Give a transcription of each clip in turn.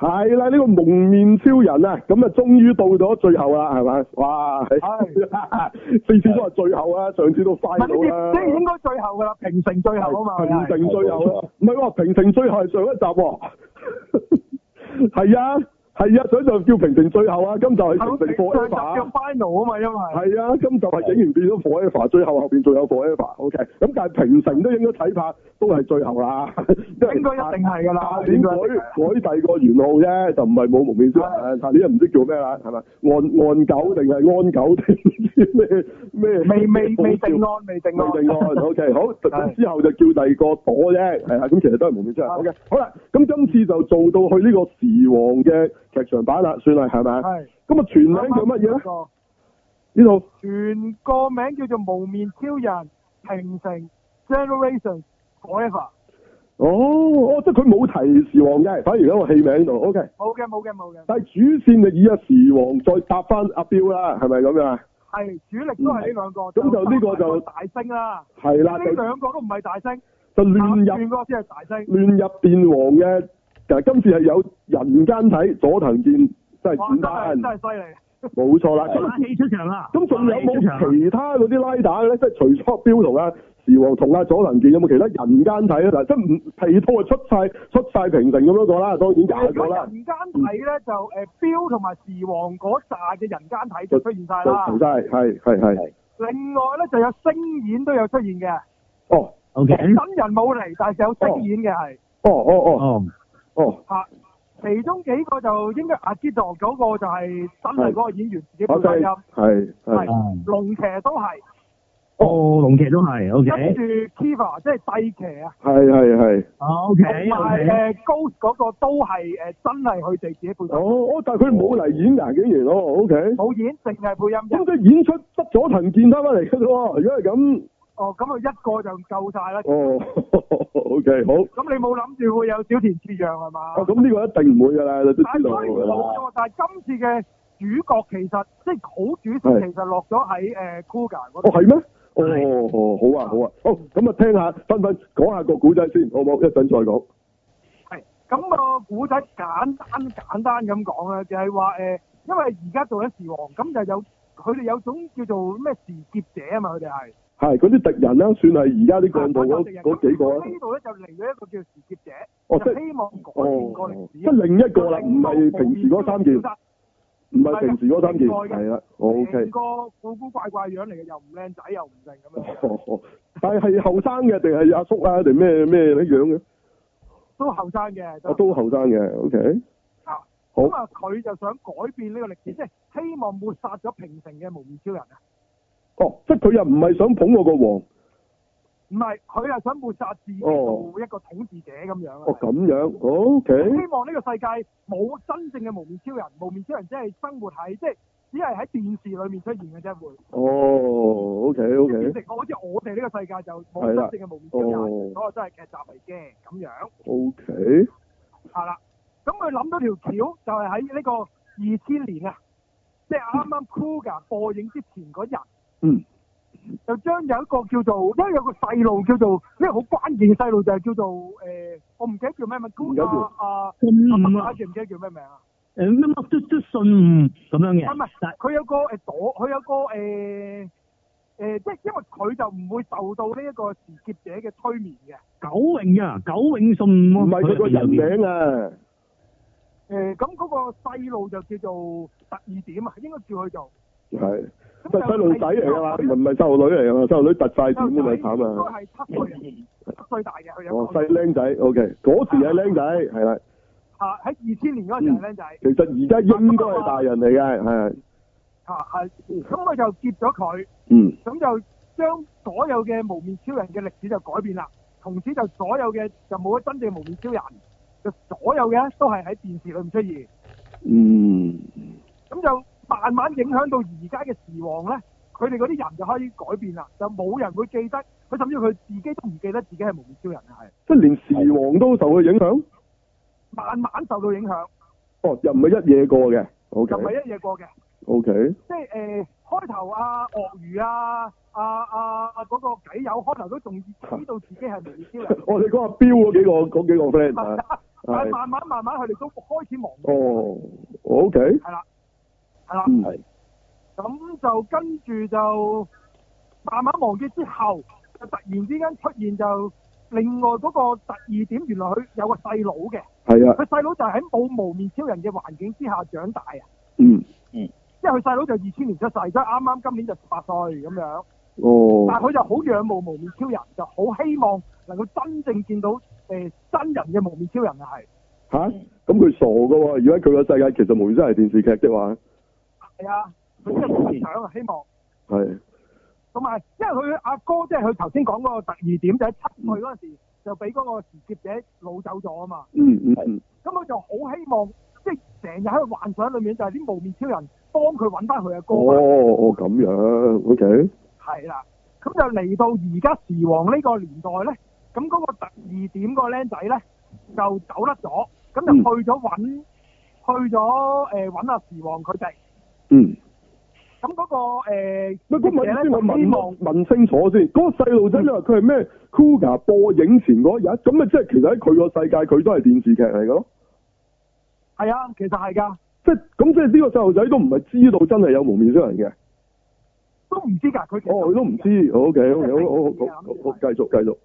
係啦、啊，呢、這個蒙面超人啊，咁啊，終於到咗最後啦，係咪？哇！係 四次都係最後啊，上次都快到啦。即係應該最後噶啦，平成最後啊嘛，平成最後啦。唔係，平成最後，成最後、啊、成最後係上一集、哦。係 啊。係啊，所以就叫平成最後啊，今集係平成啊最終叫 final 啊嘛，因為係啊，今集係整完變咗 forever，最後後面仲有 forever，OK，、okay、咁但係平成都應該睇怕都係最後啦，應該一定係㗎、 啊啊、啦，點改改第二個元號啫，就唔係冇蒙面將，但你又唔知叫咩啦，係咪按按九定係安九定咩咩？未未未定案，未定案，未定案，OK，好，啊、之後就叫第二個朵啫，係啊，咁其實都係蒙面將、啊。好嘅好啦，咁、okay、今次就做到去呢個時王嘅。劇場版啦，算啦係咪係。咁啊，全名叫乜嘢咧？呢度全個名叫做《幪面超人平成 Generations Forever》。哦，哦，即係佢冇提時王嘅，反而喺個戲名度。OK。冇嘅，冇嘅，冇嘅。但係主線就以啊時王再搭翻阿 Build 啦，係咪咁樣，係，係主力都係呢兩個。咁就呢個，個就大聲啦。係啦，呢兩個都唔係大聲。就亂入先係大聲亂入電王嘅。嗱，今次係有人間體佐藤健真係勁，真係犀利，冇錯啦。咁 出場啦，咁仲有冇其他嗰啲拉打嘅咧？即係除咗標同阿時王同阿佐藤健，有冇其他人間體咧？嗱，即係唔皮套啊，出晒出晒平成咁樣個啦。當然廿人間體咧就誒標同埋時王嗰扎嘅人間體就出現晒啦，晒係係係。另外咧就有聲演都有出現嘅。哦、oh,，OK。等人冇嚟，但係有聲演嘅係。哦哦哦。哦，吓，其中幾個就應該阿基多嗰個就係真係嗰個演員自己配音，係係龍騎都係，哦龍騎都係，ok 跟住 Kiva 即係帝騎啊，係係係，OK，同埋誒高嗰個都係誒、uh, 真係佢哋自己配音，哦哦，但係佢冇嚟演，哦哦哦、演員咯，OK，冇演淨係配音，應、嗯、該演出得咗陳建德翻嚟嘅咯，如果係咁。哦，咁佢一個就夠晒啦。哦，OK，好。咁你冇諗住會有小田切讓係嘛？哦，咁呢個一定唔會噶啦。但係，但係今次嘅主角其實即係好主角，其實落咗喺誒 Kuuga 嗰度。哦，係咩？哦哦，好啊好啊。哦，咁啊，聽下分分講下個古仔先，好唔好？一陣再講。係，咁啊，個古仔簡單簡單咁講啊，就係話誒，因為而家做緊時王，咁就有佢哋有種叫做咩時劫者啊嘛，佢哋係。係嗰啲敵人啦、啊，算係而家啲幹部嗰嗰幾個呢度咧就嚟咗一個叫時劫者，哦、就希望改變歷、哦哦哦、即另一個啦，唔係平時嗰三件，唔係平時嗰三件，係啦。O K。哦 okay、個古古怪怪樣嚟嘅，又唔靚仔又唔正咁樣、哦。但係係後生嘅定係阿叔啊，定咩咩嘅樣嘅？都後生嘅。都後生嘅，O K。好。咁啊，佢就想改變呢個歷史，即、就、係、是、希望抹殺咗平成嘅幪面超人啊！哦，即係佢又唔係想捧我個王，唔係，佢又想抹殺自己做一個統治者咁樣哦，咁樣，O K。哦哦 okay? 希望呢個世界冇真正嘅無面超人，無面超人只係生活喺即係，就是、只係喺電視裏面出現嘅啫，會。哦，O K，O K。變成好似我哋呢個世界就冇真正嘅無面超人，哦、所真都係劇集嚟嘅咁樣。O、okay? K。係啦，咁佢諗到條橋就係喺呢個二千年啊，即係啱啱酷 o o 播映之前嗰日。嗯，又將有一個叫做，因為有個細路叫做，即係好關鍵細路就係叫做誒、呃，我唔記、啊啊嗯啊、記得叫咩名，咁啊啊，阿唔記得唔記得叫咩名啊？誒、嗯，乜乜嘟嘟信咁樣嘅，唔係，佢有個誒朵，佢、呃、有個誒誒、呃呃，即係因為佢就唔會受到呢一個持劫者嘅催眠嘅，九永啊，九永信唔係佢個人名啊？誒、呃，咁、那、嗰個細路就叫做特異點啊，應該叫佢做。係。細細路仔嚟噶嘛，唔係唔係細路女嚟噶嘛，細路女突晒錢都咪慘啊！佢係七歲，七歲大嘅。哦，細僆仔，OK，嗰時係僆仔，係啦。吓，喺二千年嗰時係僆仔。其實而家應該係大人嚟嘅，係。吓係，咁我就接咗佢。嗯。咁就將所有嘅幪面超人嘅歷史就改變啦，從此就所有嘅就冇咗真正幪面超人，就所有嘅都係喺電視裏邊出現。嗯。咁就。慢慢影響到而家嘅時王咧，佢哋嗰啲人就可以改變啦，就冇人會記得佢，甚至佢自己都唔記得自己係幪面超人啊！係即係連時王都受佢影響，慢慢受到影響。哦，又唔係一夜過嘅，OK，又唔係一夜過嘅，OK，即係誒開頭阿鱷魚啊啊啊嗰個鬼友開頭都仲知道自己係幪面超人。我哋講阿彪嗰幾個嗰幾個 friend 啊，但係慢慢慢慢佢哋都開始忘。哦，OK，係啦。係、嗯、啦，咁就跟住就慢慢忘記之後，就突然之間出現就另外嗰個特異點，原來佢有個細佬嘅。係啊，佢細佬就喺冇幪面超人嘅環境之下長大啊，嗯嗯，即係佢細佬就二千年出世，所以啱啱今年就十八歲咁樣，哦，但係佢就好仰慕幪面超人，就好希望能夠真正見到誒、呃、真人嘅幪面超人又係吓，咁佢、啊、傻噶、啊，如果佢個世界其實幪面真係電視劇嘅話。係啊，佢即係夢想啊，希望、啊。係。同埋，因為佢阿哥，哥，即係佢頭先講嗰個特異點，就喺七歲嗰陣時，就俾嗰個時劫者擄走咗啊嘛。嗯嗯咁佢、嗯嗯、就好希望，即係成日喺個幻想裏面，就係啲幪面超人幫佢揾翻佢阿哥。哦哦，咁樣，OK、啊。係啦，咁就嚟到而家時王呢個年代咧，咁嗰個特異點個僆仔咧，就走甩咗，咁就去咗揾、嗯，去咗誒揾阿時王佢哋。嗯，咁嗰、那個誒，唔、呃、係，咁、那個呃、我先我問,問清楚先，嗰、那個細路仔咧，佢係咩 Kouga 播影前嗰日，咁啊，即係其實喺佢個世界，佢都係電視劇嚟咯。係啊，其實係噶。即係，咁即係呢個細路仔都唔係知道真係有幪面超人嘅，都唔知噶佢。其實哦，佢都唔知。OK，OK，、嗯、好，好、OK,，好，好，繼續，繼續。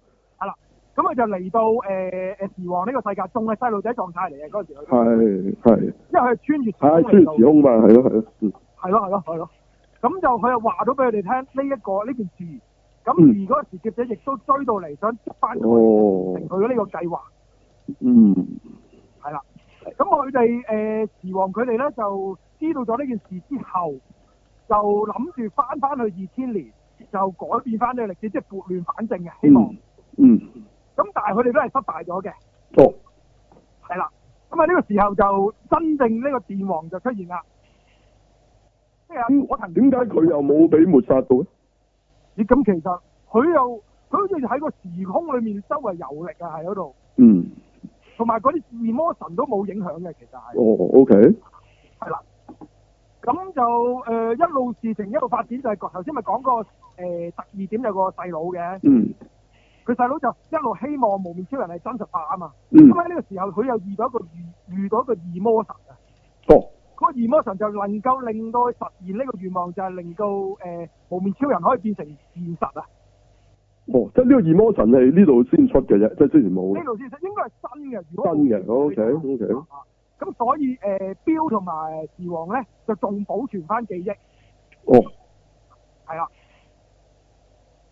咁佢就嚟到誒誒、呃、時王呢個世界，仲係細路仔狀態嚟嘅嗰陣時。係係。因為佢穿越時空，係係時空嘛，係咯係咯，嗯。係咯係咯，咁就佢又話咗俾佢哋聽呢一個呢件事。咁而嗰時劫者亦都追到嚟，想捉翻佢，成佢嘅呢個計劃。嗯。係啦。咁佢哋誒時王佢哋咧，就知道咗呢件事之後，就諗住翻翻去二千年，就改變翻呢個歷史，即係撥亂反正嘅希望。嗯。嗯。咁但係佢哋都係失敗咗嘅，哦，係啦。咁啊呢個時候就真正呢個電王就出現啦，即係我點解佢又冇俾抹殺到咧？你咁其實佢又佢好似喺個時空裏面周圍遊歷啊，喺嗰度。嗯。同埋嗰啲異魔神都冇影響嘅，其實係。哦，OK。係啦，咁就誒、呃、一路事情一路發展，就是，就係頭先咪講個誒特異點有個細佬嘅。嗯。佢細佬就一路希望幪面超人係真實化啊嘛，咁喺呢個時候佢又遇到一個遇到一個異魔神啊，哦，嗰、那個異魔神就能夠令到佢實現呢個願望，就係令到誒、呃、幪面超人可以變成現實啊，哦，即係呢個異魔神係呢度先出嘅啫，即係雖然冇呢度先出，應該係新嘅，如果新嘅，OK OK，咁所以誒標同埋時王咧就仲保存翻記憶，哦，係啊。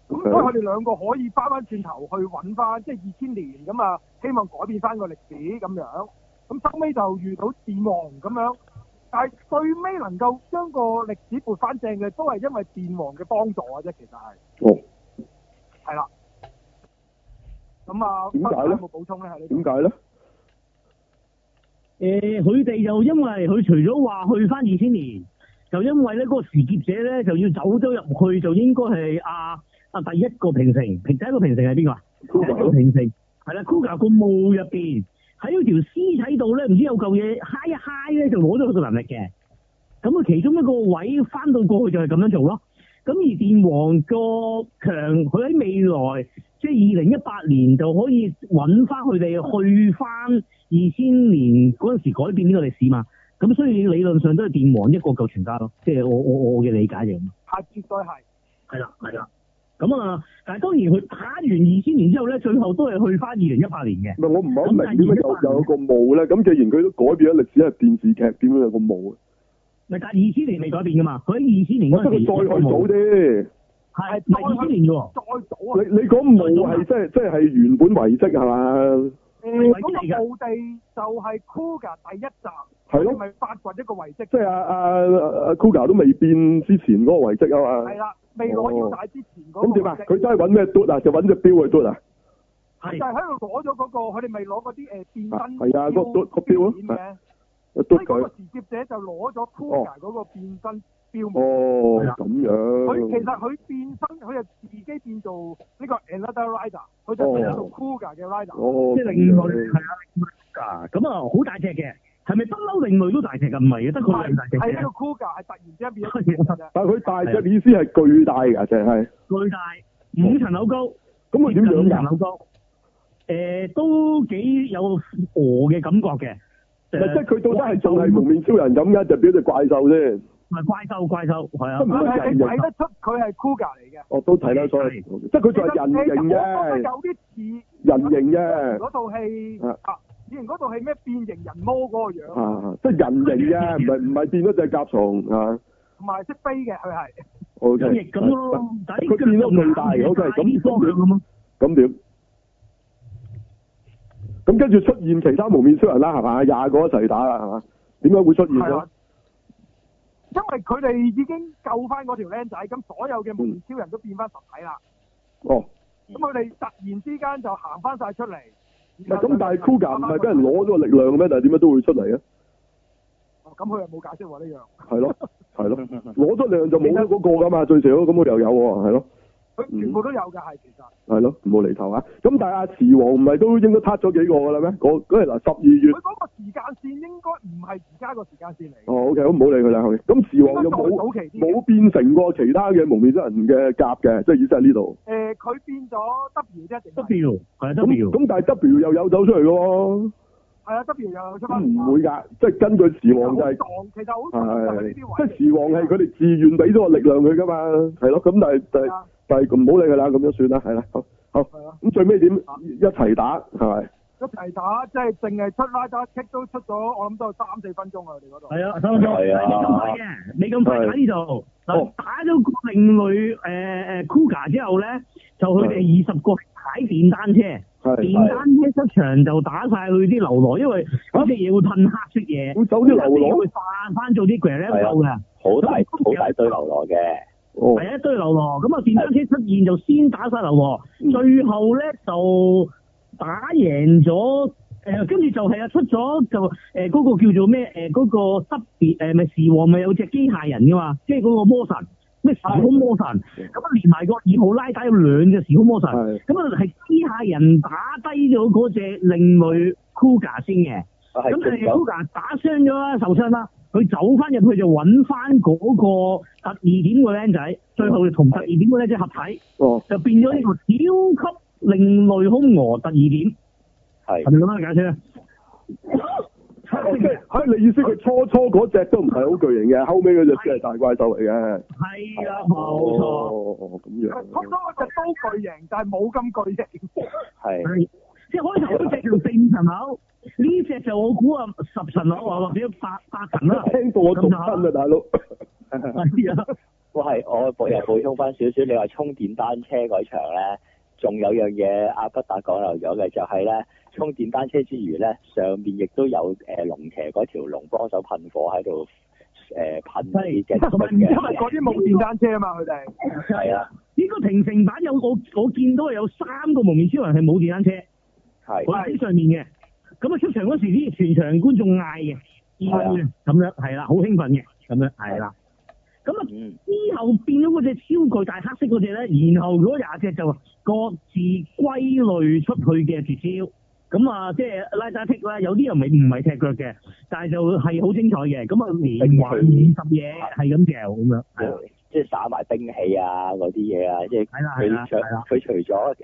咁、okay. 所以佢哋兩個可以翻翻轉頭去揾翻，即係二千年咁啊！希望改變翻個歷史咁樣。咁收尾就遇到電王咁樣，但係最尾能夠將個歷史撥翻正嘅，都係因為電王嘅幫助啊！啫，其實係哦，係、oh. 啦。咁啊，點解咧？有冇補充咧？係你點解咧？誒，佢哋就因為佢除咗話去翻二千年，就因為咧嗰個時劫者咧就要走咗入去，就應該係啊。啊、第一個平城平第一個平城係邊個啊？酷狗平城係啦，c o 酷 r 個毛入邊喺嗰條屍體度咧，唔、啊、知有嚿嘢嗨一嗨咧，就攞咗佢個能力嘅。咁啊，其中一個位翻到過去就係咁樣做咯。咁而電王個強，佢喺未來即係二零一八年就可以揾翻佢哋去翻二千年嗰陣時改變呢個歷史嘛。咁所以理論上都係電王一個夠全家咯，即、就、係、是、我我我嘅理解就係咁。係絕對係，係啦係啦。是啊咁、嗯、啊！但係當然佢打完二千年之後咧，最後都係去翻二零一八年嘅。唔係我唔係好明點解又有個墓咧？咁既然佢都改變咗歷史，係電視劇點樣有一個墓啊？唔但二千年未改變噶嘛？佢喺二千年嗰陣時。即係再早啲。係唔係二千年啫？再早啊！你你講墓係即係即係係原本遺跡係嘛？誒、嗯，嗰、那個墓地就係 Kuuga 第一集係咪發掘一個遺跡？即係、就是、啊啊阿 Kuuga、啊、都未變之前嗰個遺跡啊嘛。係啦。未攞要大之前嗰，咁點啊？佢真係揾咩奪啊？就揾隻錶去奪啊？係就喺度攞咗嗰個，佢哋未攞嗰啲誒變身。係啊，個錶個錶咯。所以嗰個時接者就攞咗 Kuga 嗰個變身錶模。哦，咁樣。佢其實佢變身，佢就自己變做呢個 Another Rider，佢就變做 Kuga 嘅 Rider，即係另外係啊，Kuga 咁啊，好大隻嘅。係咪不嬲另類都大隻啊？唔係啊，得佢係大隻。係一個 Kuga，係突然之間變咗隻。 但係佢大隻意思係巨大噶，就係。巨大，五層樓高。咁佢點樣五層樓高？誒、嗯呃，都幾有鵝嘅感覺嘅、呃。即係佢到底係就係幪面超人咁嘅，就變咗隻怪獸先。唔係怪獸，怪獸係啊。唔睇得出佢係 Kuga 嚟嘅。我、哦、都睇得出是是，即係佢就係人形嘅。有啲似人形嘅。嗰套戲以前嗰度係咩變形人魔嗰個樣啊，即係人形嘅，唔係唔係變咗隻甲蟲啊，同埋識飛嘅佢係，好嘅，翼嘅咯，佢、啊、變咗咁大，好、okay, 嘅，咁咁點？咁跟住出現其他幪面超人啦，係嘛，廿個一齊打啦，係嘛，點解會出現咧、啊？因為佢哋已經救翻嗰條僆仔，咁所有嘅幪面超人都變翻實體啦、嗯。哦。咁佢哋突然之間就行翻晒出嚟。咁，但係 Kuuga 唔係俾人攞咗個力量咩？但係點解都會出嚟啊？咁佢又冇解釋話呢樣。係咯，係咯，攞 咗量就冇得嗰個㗎嘛，最少咁我哋又有喎，係咯。佢全部都有嘅，係、嗯、其實係咯冇厘頭啊！咁但係阿時王唔係都應該撻咗幾個㗎啦咩？我嗰日嗱十二月，佢嗰個時間線應該唔係而家個時間線嚟。哦，OK，好唔好理佢啦，咁時王又冇冇變成過其他嘅幪面超人嘅甲嘅，即係意思喺呢度。誒、呃，佢變咗 W 啫，定 W 係啊？咁但係 W 又有走出嚟喎。係啊，W 又有走出翻。唔會噶，即係根據時王就係其實好即係時王係佢哋自願俾咗個力量佢噶嘛？係咯，咁但係係。但係唔好理佢啦，咁樣算啦，係啦，好好，咁最尾點一齊打係咪？一齊打，打，即係淨係出拉打 kick 都出咗，我諗都三四分鐘啊，你嗰度係啊，三分鐘，你咁快嘅，你咁快喺呢度，打咗個另類誒誒 Kuuga 之後咧，就佢哋二十個踩電單車，電單車出場就打晒佢啲流浪，因為嗰隻嘢會褪黑出嘢，會走啲流浪會翻翻做啲 glamour 嘅，好大好大堆流浪嘅。係、oh. 一堆流浪，咁啊，電單車出現就先打晒流浪，mm -hmm. 最後咧就打贏咗誒，跟、呃、住就係啊，出咗就誒嗰個叫做咩誒嗰個特別誒咪時王咪有隻機械人嘅嘛，即係嗰個魔神咩時空魔神，咁、mm -hmm. 連埋個二號拉打有兩隻時空魔神，咁啊係機械人打低咗嗰隻另類 Kuga 先嘅，咁 Kuga 打傷咗啦，受傷啦。佢走翻入去就揾翻嗰個特異點個僆仔，最後就同特異點個僆仔合體，就變咗呢個超級另類空我特異點，係係咁啊！係咪、樣解釋啊，即係喺、哦、你意思佢初初嗰隻都唔係好巨型嘅，後尾佢就先係大怪獸嚟嘅，係啦，冇錯，咁、哦哦、樣初初嗰隻都巨型，但係冇咁巨型，係即係開頭嗰隻叫四五層樓。呢隻就我估啊十層我層 我神樓，話或者八八層啦。聽 過、哎、我仲新啊，大佬。係我補補充翻少少，你話充電單車嗰場咧，仲有樣嘢阿不打講漏咗嘅，就係、是、咧充電單車之餘咧，上面亦都有誒龍騎嗰條龍幫手噴火喺度誒噴啲嘅。唔係嗰啲冇電單車啊嘛，佢哋係啊。呢 這個平成版有我我見到有三個幪面超人係冇電單車，係喺上面嘅。咁啊！出場嗰時啲全場觀眾嗌嘅，要、嗯、咁樣，係啦，好興奮嘅，咁樣係啦。咁啊，之後變咗嗰隻超巨大黑色嗰隻呢，然後嗰廿隻就各自歸類出去嘅絕招。咁、嗯、啊、嗯，即係拉大踢啦，有啲人咪唔係踢腳嘅，但係就係好精彩嘅。咁啊，連埋二十嘢係咁掉，咁樣，即係撒埋兵器啊嗰啲嘢啊，即係佢除佢除咗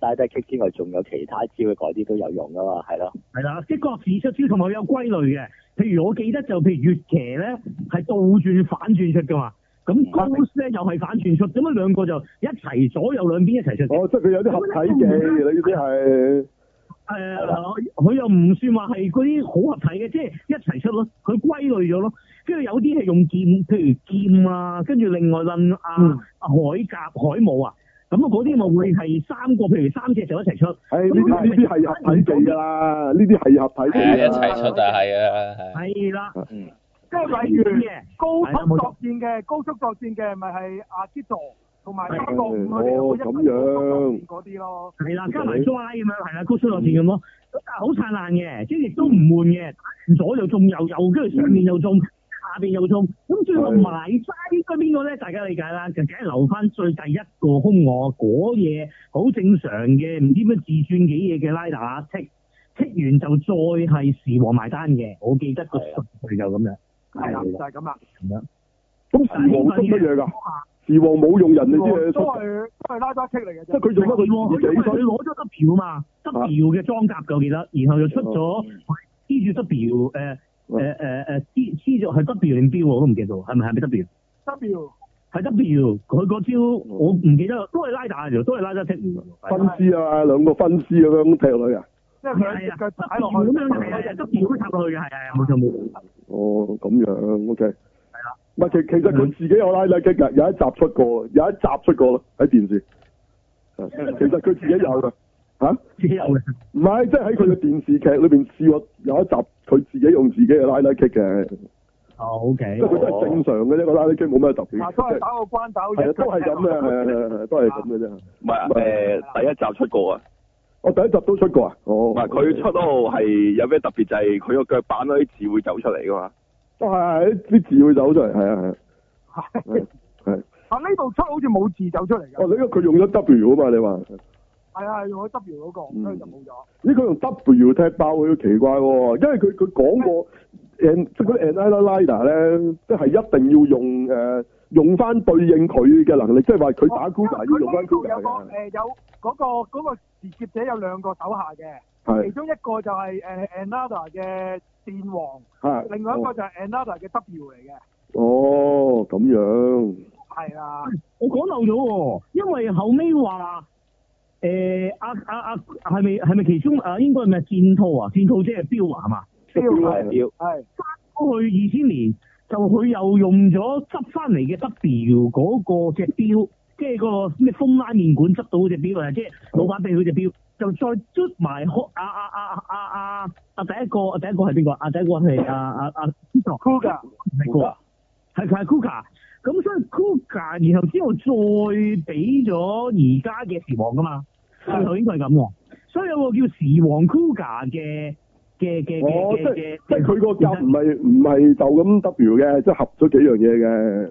晒低棘之外，仲有其他招嘅，嗰啲都有用噶嘛，係咯。係啦，即各自出招，同埋有歸類嘅。譬如我記得就，譬如月騎咧係倒轉反轉出噶嘛，咁高斯咧又係反轉出，咁樣兩個就一齊左右兩邊一齊出。哦，即係佢有啲合體嘅你呢啲係。誒，佢又唔算話係嗰啲好合體嘅，即係一齊出咯。佢歸類咗咯，跟住有啲係用劍，譬如劍啊，跟住另外論啊阿海甲海姆啊。咁啊，嗰啲咪會係三個，譬如三隻就一齊出。唉，呢啲呢啲係合體技嘅啦，呢啲係合體技嘅啦。一齊出就係呀，係啦。嗯。即係例如高速作戰嘅，高速作戰嘅咪係阿蜘蛛同埋三個五佢哋一齊出嗰啲咯。係啦，加埋 dry 咁樣係啦，高速作戰咁咯，好、就是哦哦嗯嗯、燦爛嘅、嗯，即係亦都唔悶嘅，左又中右，右又跟住上面又中。下邊有衝，咁最後埋單應該邊個咧？大家理解啦，就梗係留翻最第一個空我嗰嘢，好正常嘅，唔知咩自轉幾嘢嘅拉打，踢，踢完就再係時王埋單嘅，我記得個順序就咁樣，係就係、是、咁、嗯、啊，咁時王做乜嘢噶？時王冇用人哋啲嘢，都係都係拉打踢嚟嘅，即係佢做得佢自己攞咗粒錶嘛，粒錶嘅裝甲，我記得，然後又出咗黐住粒錶誒。啊誒誒誒，黐黐咗係 W 定 B 喎，我都唔記得喎，係咪係咪 W？W 係 W，佢個招我唔記得啦，都係拉大條，都係拉得踢分屍啊，兩個分屍咁樣踢落去啊？即係佢佢插落去咁樣，人哋都掂咁樣插落去嘅，係係冇錯冇錯。哦，咁樣，OK。係啊。唔係其其實佢自己有拉大踢噶，有一集出過，有一集出過咯喺電視。其實佢自己有嘅。吓、啊，自己有嘅，唔係，即係喺佢嘅電視劇裏邊，試過有一集，佢自己用自己嘅拉拉劇嘅。哦，O K，佢真係正常嘅啫，這個拉拉劇冇咩特別。都、啊、係打個關斗嘢。係啊，都係咁嘅，係係係，都係咁嘅啫。唔係、啊，誒、啊啊啊啊，第一集出過啊，我第一集都出過啊。哦、oh,，唔係佢出到度係有咩特別就係佢個腳板嗰啲字會走出嚟噶嘛？都係係啲字會走出嚟，係啊係。係、啊。係、啊。呢度、啊、出好似冇字走出嚟。哦、啊，因為佢用咗 W 啊嘛，你話。係啊，用佢 W 嗰、那個、嗯，所以就冇咗。呢佢用 W 踢爆佢好奇怪喎，因為佢佢講過 N 即係嗰啲 Another Rider 呢，即、就、係、是、一定要用誒、呃、用翻對應佢嘅能力，即係話佢打 g u、哦、要用翻 a 有講誒、呃，有嗰、呃那個嗰、那個獵劫者有兩個手下嘅，係、啊、其中一個就係、是、誒、呃、Another 嘅電王，係、啊、另外一個就係、哦、Another 嘅 W 嚟嘅。哦，咁樣。係啊，我講漏咗喎，因為後尾話。誒阿阿阿係咪係咪其中啊？應該係咪戰兔啊？戰兔即係標啊？係嘛？表係表係翻到去二千年，就佢又用咗執翻嚟嘅 W 掉嗰個隻標即係個咩、那個那個那個、風拉麵館執到嗰隻標啊！即、就、係、是、老闆俾佢隻標，就再捉埋啊啊啊啊啊啊，啊，第一個第一個係邊個啊？第一個係啊 uh, uh, 啊啊 Kuuga，唔係哥啊，c 係 Kuuga 咁所以 Kuga，然後之後再俾咗而家嘅時王㗎嘛，應該係咁，所以有個叫時王 Kuga 嘅嘅嘅嘅，哦，即係即佢個甲唔係唔係就咁 W 嘅，即係、就是、合咗幾樣嘢嘅。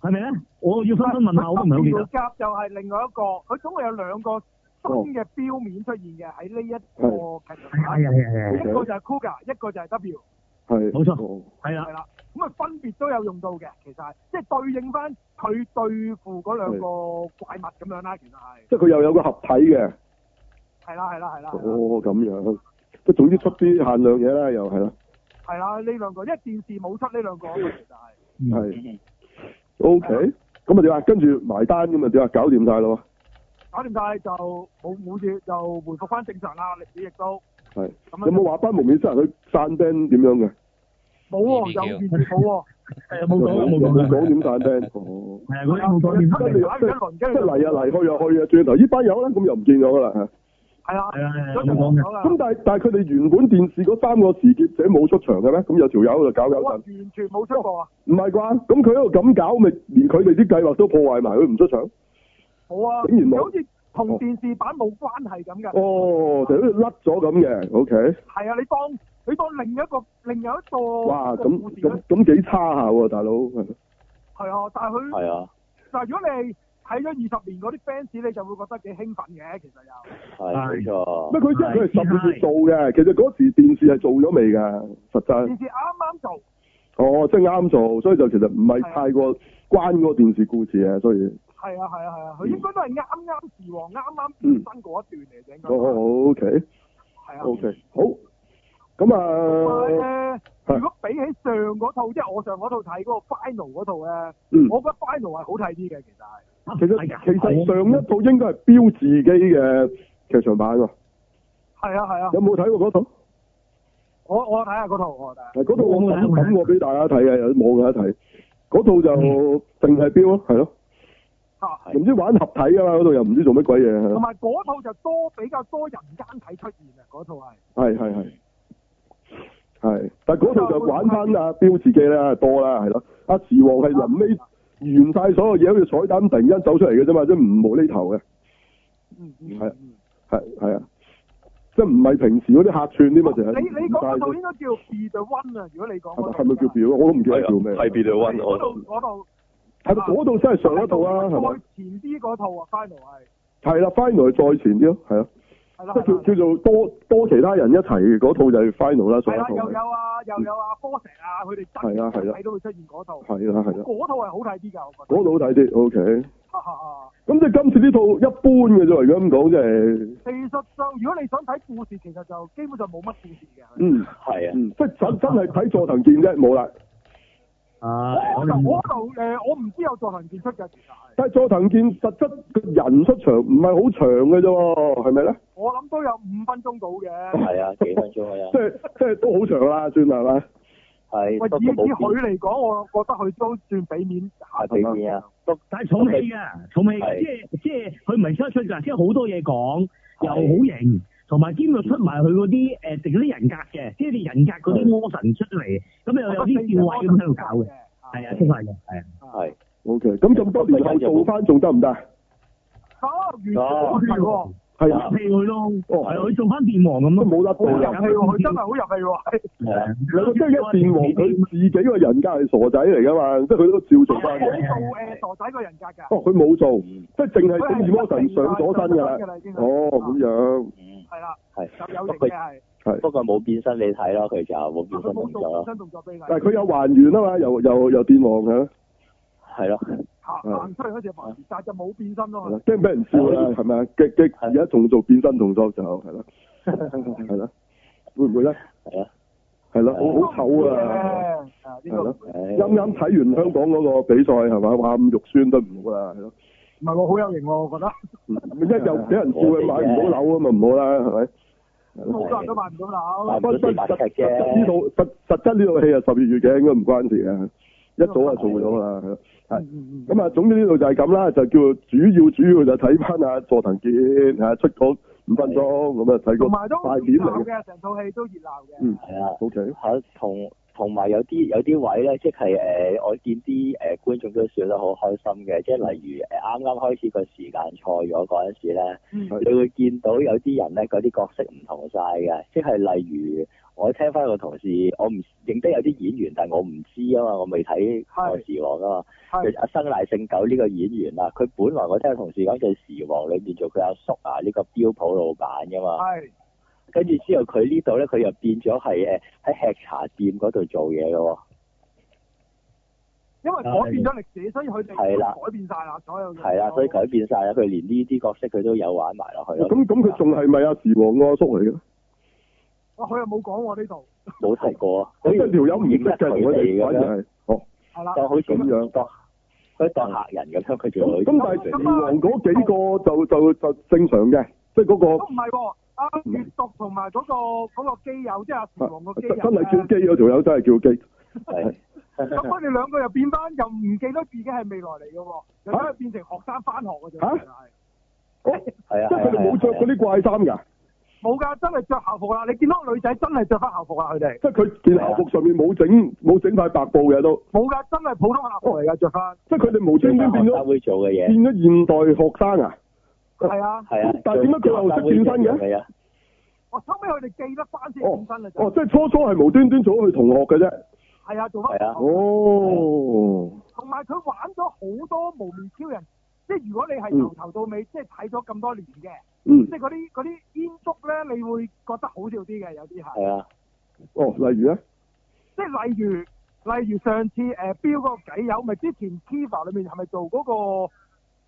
係咪咧？我要分分問下都唔好先。佢個甲就係另外一個，佢總會有兩個新嘅幪面出現嘅喺呢一個其實，係係係係，一個就係 Kuga、啊、一個就係 W。係，冇錯，係、啊、啦，係啦。咁啊，分別都有用到嘅，其實係即係對應翻佢對付嗰兩個怪物咁樣啦，其實係。即係佢又有一個合體嘅。係啦係啦係啦。哦，咁樣，即係總之出啲限量嘢啦，又係啦。係啦，呢兩個而家電視冇出呢兩個，其實係。係。O K，咁啊點啊？跟住埋單咁咪點啊？搞掂晒咯。搞掂晒就冇冇事，就回復翻正常啦。歷史亦都係。咁有冇話班幪面超人去散 band 點樣嘅？冇喎、啊，好變冇喎，冇講啦，冇講點但聽係嚟啊嚟，去啊去，去，去啊，轉頭呢班友咧，咁又唔見咗㗎喇。係啊係啊係啊，咁、啊、但係但係佢哋原本電視嗰三個時劫者冇出場嘅咩？咁有條友就搞搞震。完全冇出場啊！唔係啩？咁佢喺度咁搞，咪連佢哋啲計劃都破壞埋，佢唔出場。好啊！竟然冇。同電視版冇關係咁嘅，哦，就好似甩咗咁嘅，OK。係啊，你當你當另一個，另有一個，就是。哇，咁咁幾差下喎，啊，大佬。係 啊，但係佢。係啊。但，如果你睇咗二十年嗰啲 fans，你就會覺得幾興奮嘅，其實又。係，啊。唔錯，啊。乜佢即係佢係十二月做嘅，其實嗰時電視係做咗未噶？實際。電視啱啱做。哦，即係啱做，所以就其實唔係太過關嗰個電視故事啊。所以。係啊，係啊，係啊，佢、嗯、應該都係啱啱時王啱啱變身嗰一段嚟影嘅。好，好，OK。係啊，OK。好，咁啊，如果比起上嗰套，即、就、係、是、我上嗰套睇嗰個 Final 嗰套咧、嗯，我覺得 Final 係好睇啲嘅。其實係、啊啊，其實上一套應該係標自己嘅劇場版喎。係啊，係啊。有冇睇過嗰套？我我睇下嗰套嗰套我冇睇，咁我俾大家睇嘅有冇大家睇嗰套就淨、嗯、係標咯，係咯、啊。唔知玩合體噶嘛？嗰度又唔知做乜鬼嘢。同埋嗰套就多比較多人間體出現嘅，嗰套係。係係係，係，但係嗰套就玩翻阿、那個啊、彪自己啦，多啦，係咯。阿慈王係臨尾完晒所有嘢好似彩蛋，突然間走出嚟嘅啫嘛，即係唔無厘頭嘅。嗯。係啊。係係啊，即係唔係平時嗰啲客串啲嘛？就係。你說裡你嗰套應該叫 B The One 啊？如果你講。係咪叫彪？我都唔記得叫咩。係、啊、B The One。嗰度嗰度。喺嗰度真係上一套啦，係咪？前啲嗰套啊，Final 係。係啦，Final 係再前啲咯，係啊。係啦，即係叫叫做多多其他人一齊嗰套就係 Final 啦。係啦，又有啊，嗯、又有啊，波成啊，佢哋真係睇到會出現嗰套。係啦，係啦。嗰、嗯嗯、套係好睇啲噶，我覺得。嗰套好睇啲，O K。咁即係今次呢套一般嘅啫，如果咁講即係。其實就如果你想睇故事，其實就基本上冇乜故事嘅。嗯，係啊。即係真真係睇佐藤健啫，冇啦。啊！我，我就誒、呃，我唔知有佐藤健出嘅。但係佐藤健實質佢人出場唔係好長嘅啫喎，係咪咧？我諗都有五分鐘到嘅。 係啊，幾分鐘啊？即係即係都好長啦，算係咪？係。咪以以佢嚟講，我覺得佢都算俾面。係俾面，面啊！但係重氣㗎，重氣即係即係佢唔係出得出㗎，即係好多嘢講，又好型。同埋兼又出埋佢嗰啲誒，定啲人格嘅，即係啲人格嗰啲魔神出嚟，咁又有啲笑話咁喺度搞嘅，係啊，識玩嘅，係啊，係、啊。O K，咁咁多年後做翻仲得唔得？哦，完全完全入戲去咯，係啊，佢、啊啊哦啊啊、做翻電王咁咯，冇得冇入戲喎，佢、啊、真係好入戲喎。係啊，即、啊、係一電王佢自己個人格係傻仔嚟噶嘛，即係佢都照做翻嘅、啊。傻仔個人格㗎。哦、啊，佢冇做，即係淨係二魔神上咗身㗎啦。哦、啊，咁、啊、樣。係啦，係，有係，係，不過冇變身你睇咯，佢就冇變身動作，佢冇動變咗咯，但係佢有還原啊嘛，又又又變黃嘅，係咯。行出只，佢就冇變身咯。驚俾人笑啦，係咪激激，而家仲做變身動作就係咯，係咯，會唔會咧？係咯，係咯，好好醜啊！係咯，啱啱睇完香港嗰個比賽係咪？話咁肉酸都唔好啊！唔係我好有型喎，我覺得有、哦。一又俾人笑，佢買唔到樓吖嘛，唔好啦，係咪？好多人都買唔到樓。畢孬十呢套實質呢套戲啊，十二月嘅應該唔關事啊，一早啊做咗啦。係。咁啊、嗯，總之呢度就係咁啦，就叫主要主要就睇翻阿佐藤健嚇出嗰五分鐘咁啊，睇個快點嚟嘅，成套、嗯、戲都熱鬧嘅。嗯，係、okay、啊。O K，下一套。同埋有啲有啲位咧，即係誒、呃，我見啲誒、呃、觀眾都笑得好開心嘅，即係例如啱啱、呃、開始個時間錯咗嗰陣時咧，你會見到有啲人咧，嗰啲角色唔同晒嘅，即係例如我聽翻個同事，我唔認得有啲演員，但係我唔知啊嘛，我未睇《時王》啊嘛，阿生乃勝久呢個演員啊，佢本來我聽個同事講，佢係《時王》裏面做佢阿叔啊，呢、呢個標普老闆噶嘛。跟住之後，佢呢度咧，佢又變咗係誒喺吃茶店嗰度做嘢咯。因為改變咗歷史，所以佢哋係啦，改變晒啦所有嘢。係啦，所以改變晒啦。佢連呢啲角色佢都有玩埋落去。咁、哦、咁，佢仲係咪阿時王阿叔嚟嘅？哇！佢又冇講喎呢度。冇提過啊！好似條友唔識嘅我哋咁樣。好。係啦， 以就好似咁樣當，好似當客人咁樣。佢條女。咁、哦嗯嗯嗯嗯嗯嗯嗯嗯、但係時王嗰幾個就就就正常嘅，即係嗰個。唔係閱讀同埋嗰個、嗰個機友，即係阿徐個機友真係叫機嗰條友，真係叫機。咁佢哋兩個，人兩個變，又變翻又唔記得自己係未來嚟噶，又變翻變成學生翻學嘅啫。吓係。係啊。啊哦哎、即係佢哋冇着嗰啲怪衫噶。冇、哎、噶、哎，真係着校服啦！你見到個女仔真係着翻校服啊！佢哋。即係佢件校服上面冇整冇整塊白布嘅都。冇噶，真係普通校服嚟噶，着翻、哦。即係佢哋冇。變咗現代學生會做嘅嘢。變咗現代學生啊？係啊，啊，但係點樣叫角色變身嘅？啊、哦，我收尾佢哋記得翻，先變身嘅哦，即係初初係無端端做佢同學嘅啫。係啊，做乜？翻哦。同埋佢玩咗好多無面超人，即係如果你係由頭到尾、嗯、即係睇咗咁多年嘅、嗯，即係嗰啲嗰啲煙竹咧，你會覺得好笑啲嘅有啲係。係啊。哦，例如咧？即係例如，例如上次誒，標、呃、嗰個計友咪之前 Kiva 裏面係咪做嗰、嗰個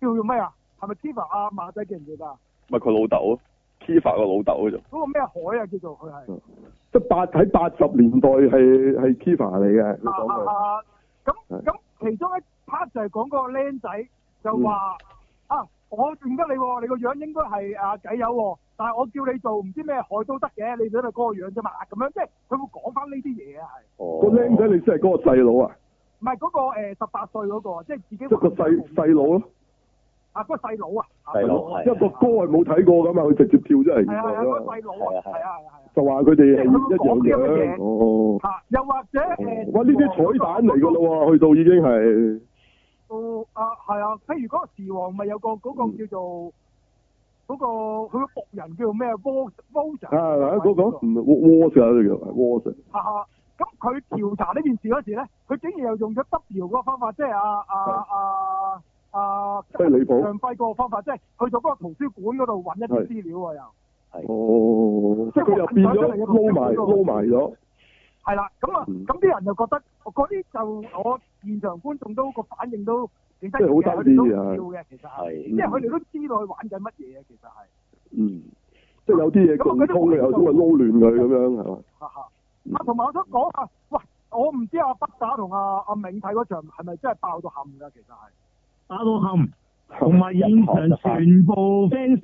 叫做咩啊？係咪 Kiva 阿、啊、馬仔記唔記得的、那個、啊？唔係佢老豆咯，Kiva 個老豆啫。嗰個咩海啊叫做佢係，即、嗯、係、就是、八喺八十年代係係 Kiva、啊、你嘅。嗱嗱嗱，咁、啊、咁其中一 part 就係講個僆仔就話、嗯、啊，我認得你，你個樣應該係阿仔友，但係我叫你做唔知咩海都得嘅，你只係嗰個樣啫嘛。咁樣即係佢會講翻呢啲嘢啊，係。哦。個僆仔你即係嗰個細佬啊？唔係嗰個誒十八歲嗰個，即係自己個細佬。個細細佬咯。弟弟啊！嗰細佬啊，因為個歌係冇睇過噶嘛，佢直接跳出嚟。啊係啊，細佬啊，係啊係啊，啊，啊，啊，啊，啊，就話佢哋一樣嘢。哦、啊，又或者誒，哇、哦！呢啲彩蛋嚟噶啦，去到已經係。哦、嗯，啊，係啊，譬、啊、如嗰個時王咪有個嗰、那個叫做，嗰、嗯那個佢個僕人叫做咩？Woz，Woz 啊，嗰個唔係 Woz 呢個係 Woz 咁佢調查呢件事嗰時咧，佢竟然又用咗 W 嗰個方法，即係啊。那個啊那個啊、呃，即你長費個方法，即係去到嗰個圖書館嗰度揾一啲資料啊。又係哦，即係佢又變咗撈埋撈埋咗，係、就、啦、是，咁啊，咁啲、嗯、人就覺得嗰啲就我現場觀眾都個反應都幾得意笑嘅，其實係，即係佢哋都知道佢玩緊乜嘢嘅，其實係嗯，嗯，嗯，即係有啲嘢咁佢通嘅，嗯、都有啲嘢撈亂佢咁樣係嘛、嗯嗯，啊，同埋我想講下，喂，我唔知阿、啊、北打同阿阿明睇嗰場係咪真係爆到喊㗎，其實係。打到冚，同埋現場全部 fans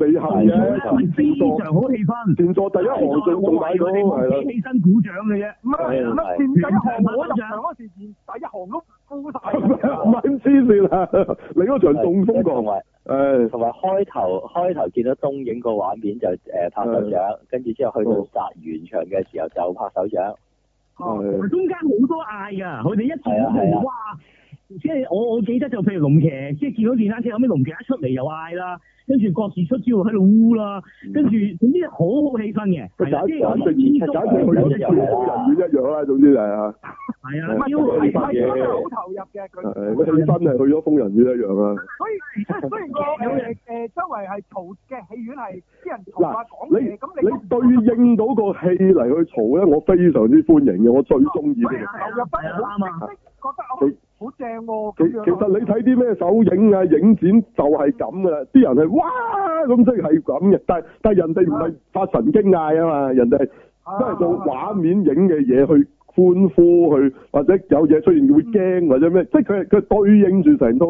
未冚嘅，非常好氣氛。連 坐樂第一行仲坐大嗰度，起身鼓掌嘅啫。唔係，唔係，全場鼓掌嗰時，連第一行都高大。唔係黐線啊！你嗰場仲瘋過埋。誒，同埋開頭開頭見到東映個畫面就誒拍手掌，跟住之後去到殺完場嘅時候就拍手掌。哦，中間好多嗌㗎，佢哋一齊哇！即係我我記得就譬如龍騎，即係見到電單車，後尾龍騎一出嚟又嗌啦，跟住各自出招喺度烏啦，跟住總之好好氣氛嘅。佢簡直對戰，簡直佢同啲人唔一樣啦。總之就係。係啊。超係發嘅。好、啊啊、投入嘅佢。係。氣氛係去咗瘋人院一樣啦、啊。所以，雖然個誒誒，周圍係嘈嘅戲院係啲人嘈你講咁，你你對應到個戲嚟去嘈咧，我非常之歡迎嘅，我最中意嘅。投入翻啊！覺得好正喎！其其實你睇啲咩首映啊、影展就係咁噶啦，啲人係哇咁即係咁嘅，但但人哋唔係發神經嗌啊嘛，人哋真係做畫面影嘅嘢去歡呼去，或者有嘢出現會驚或者咩，即係佢佢對應住成套。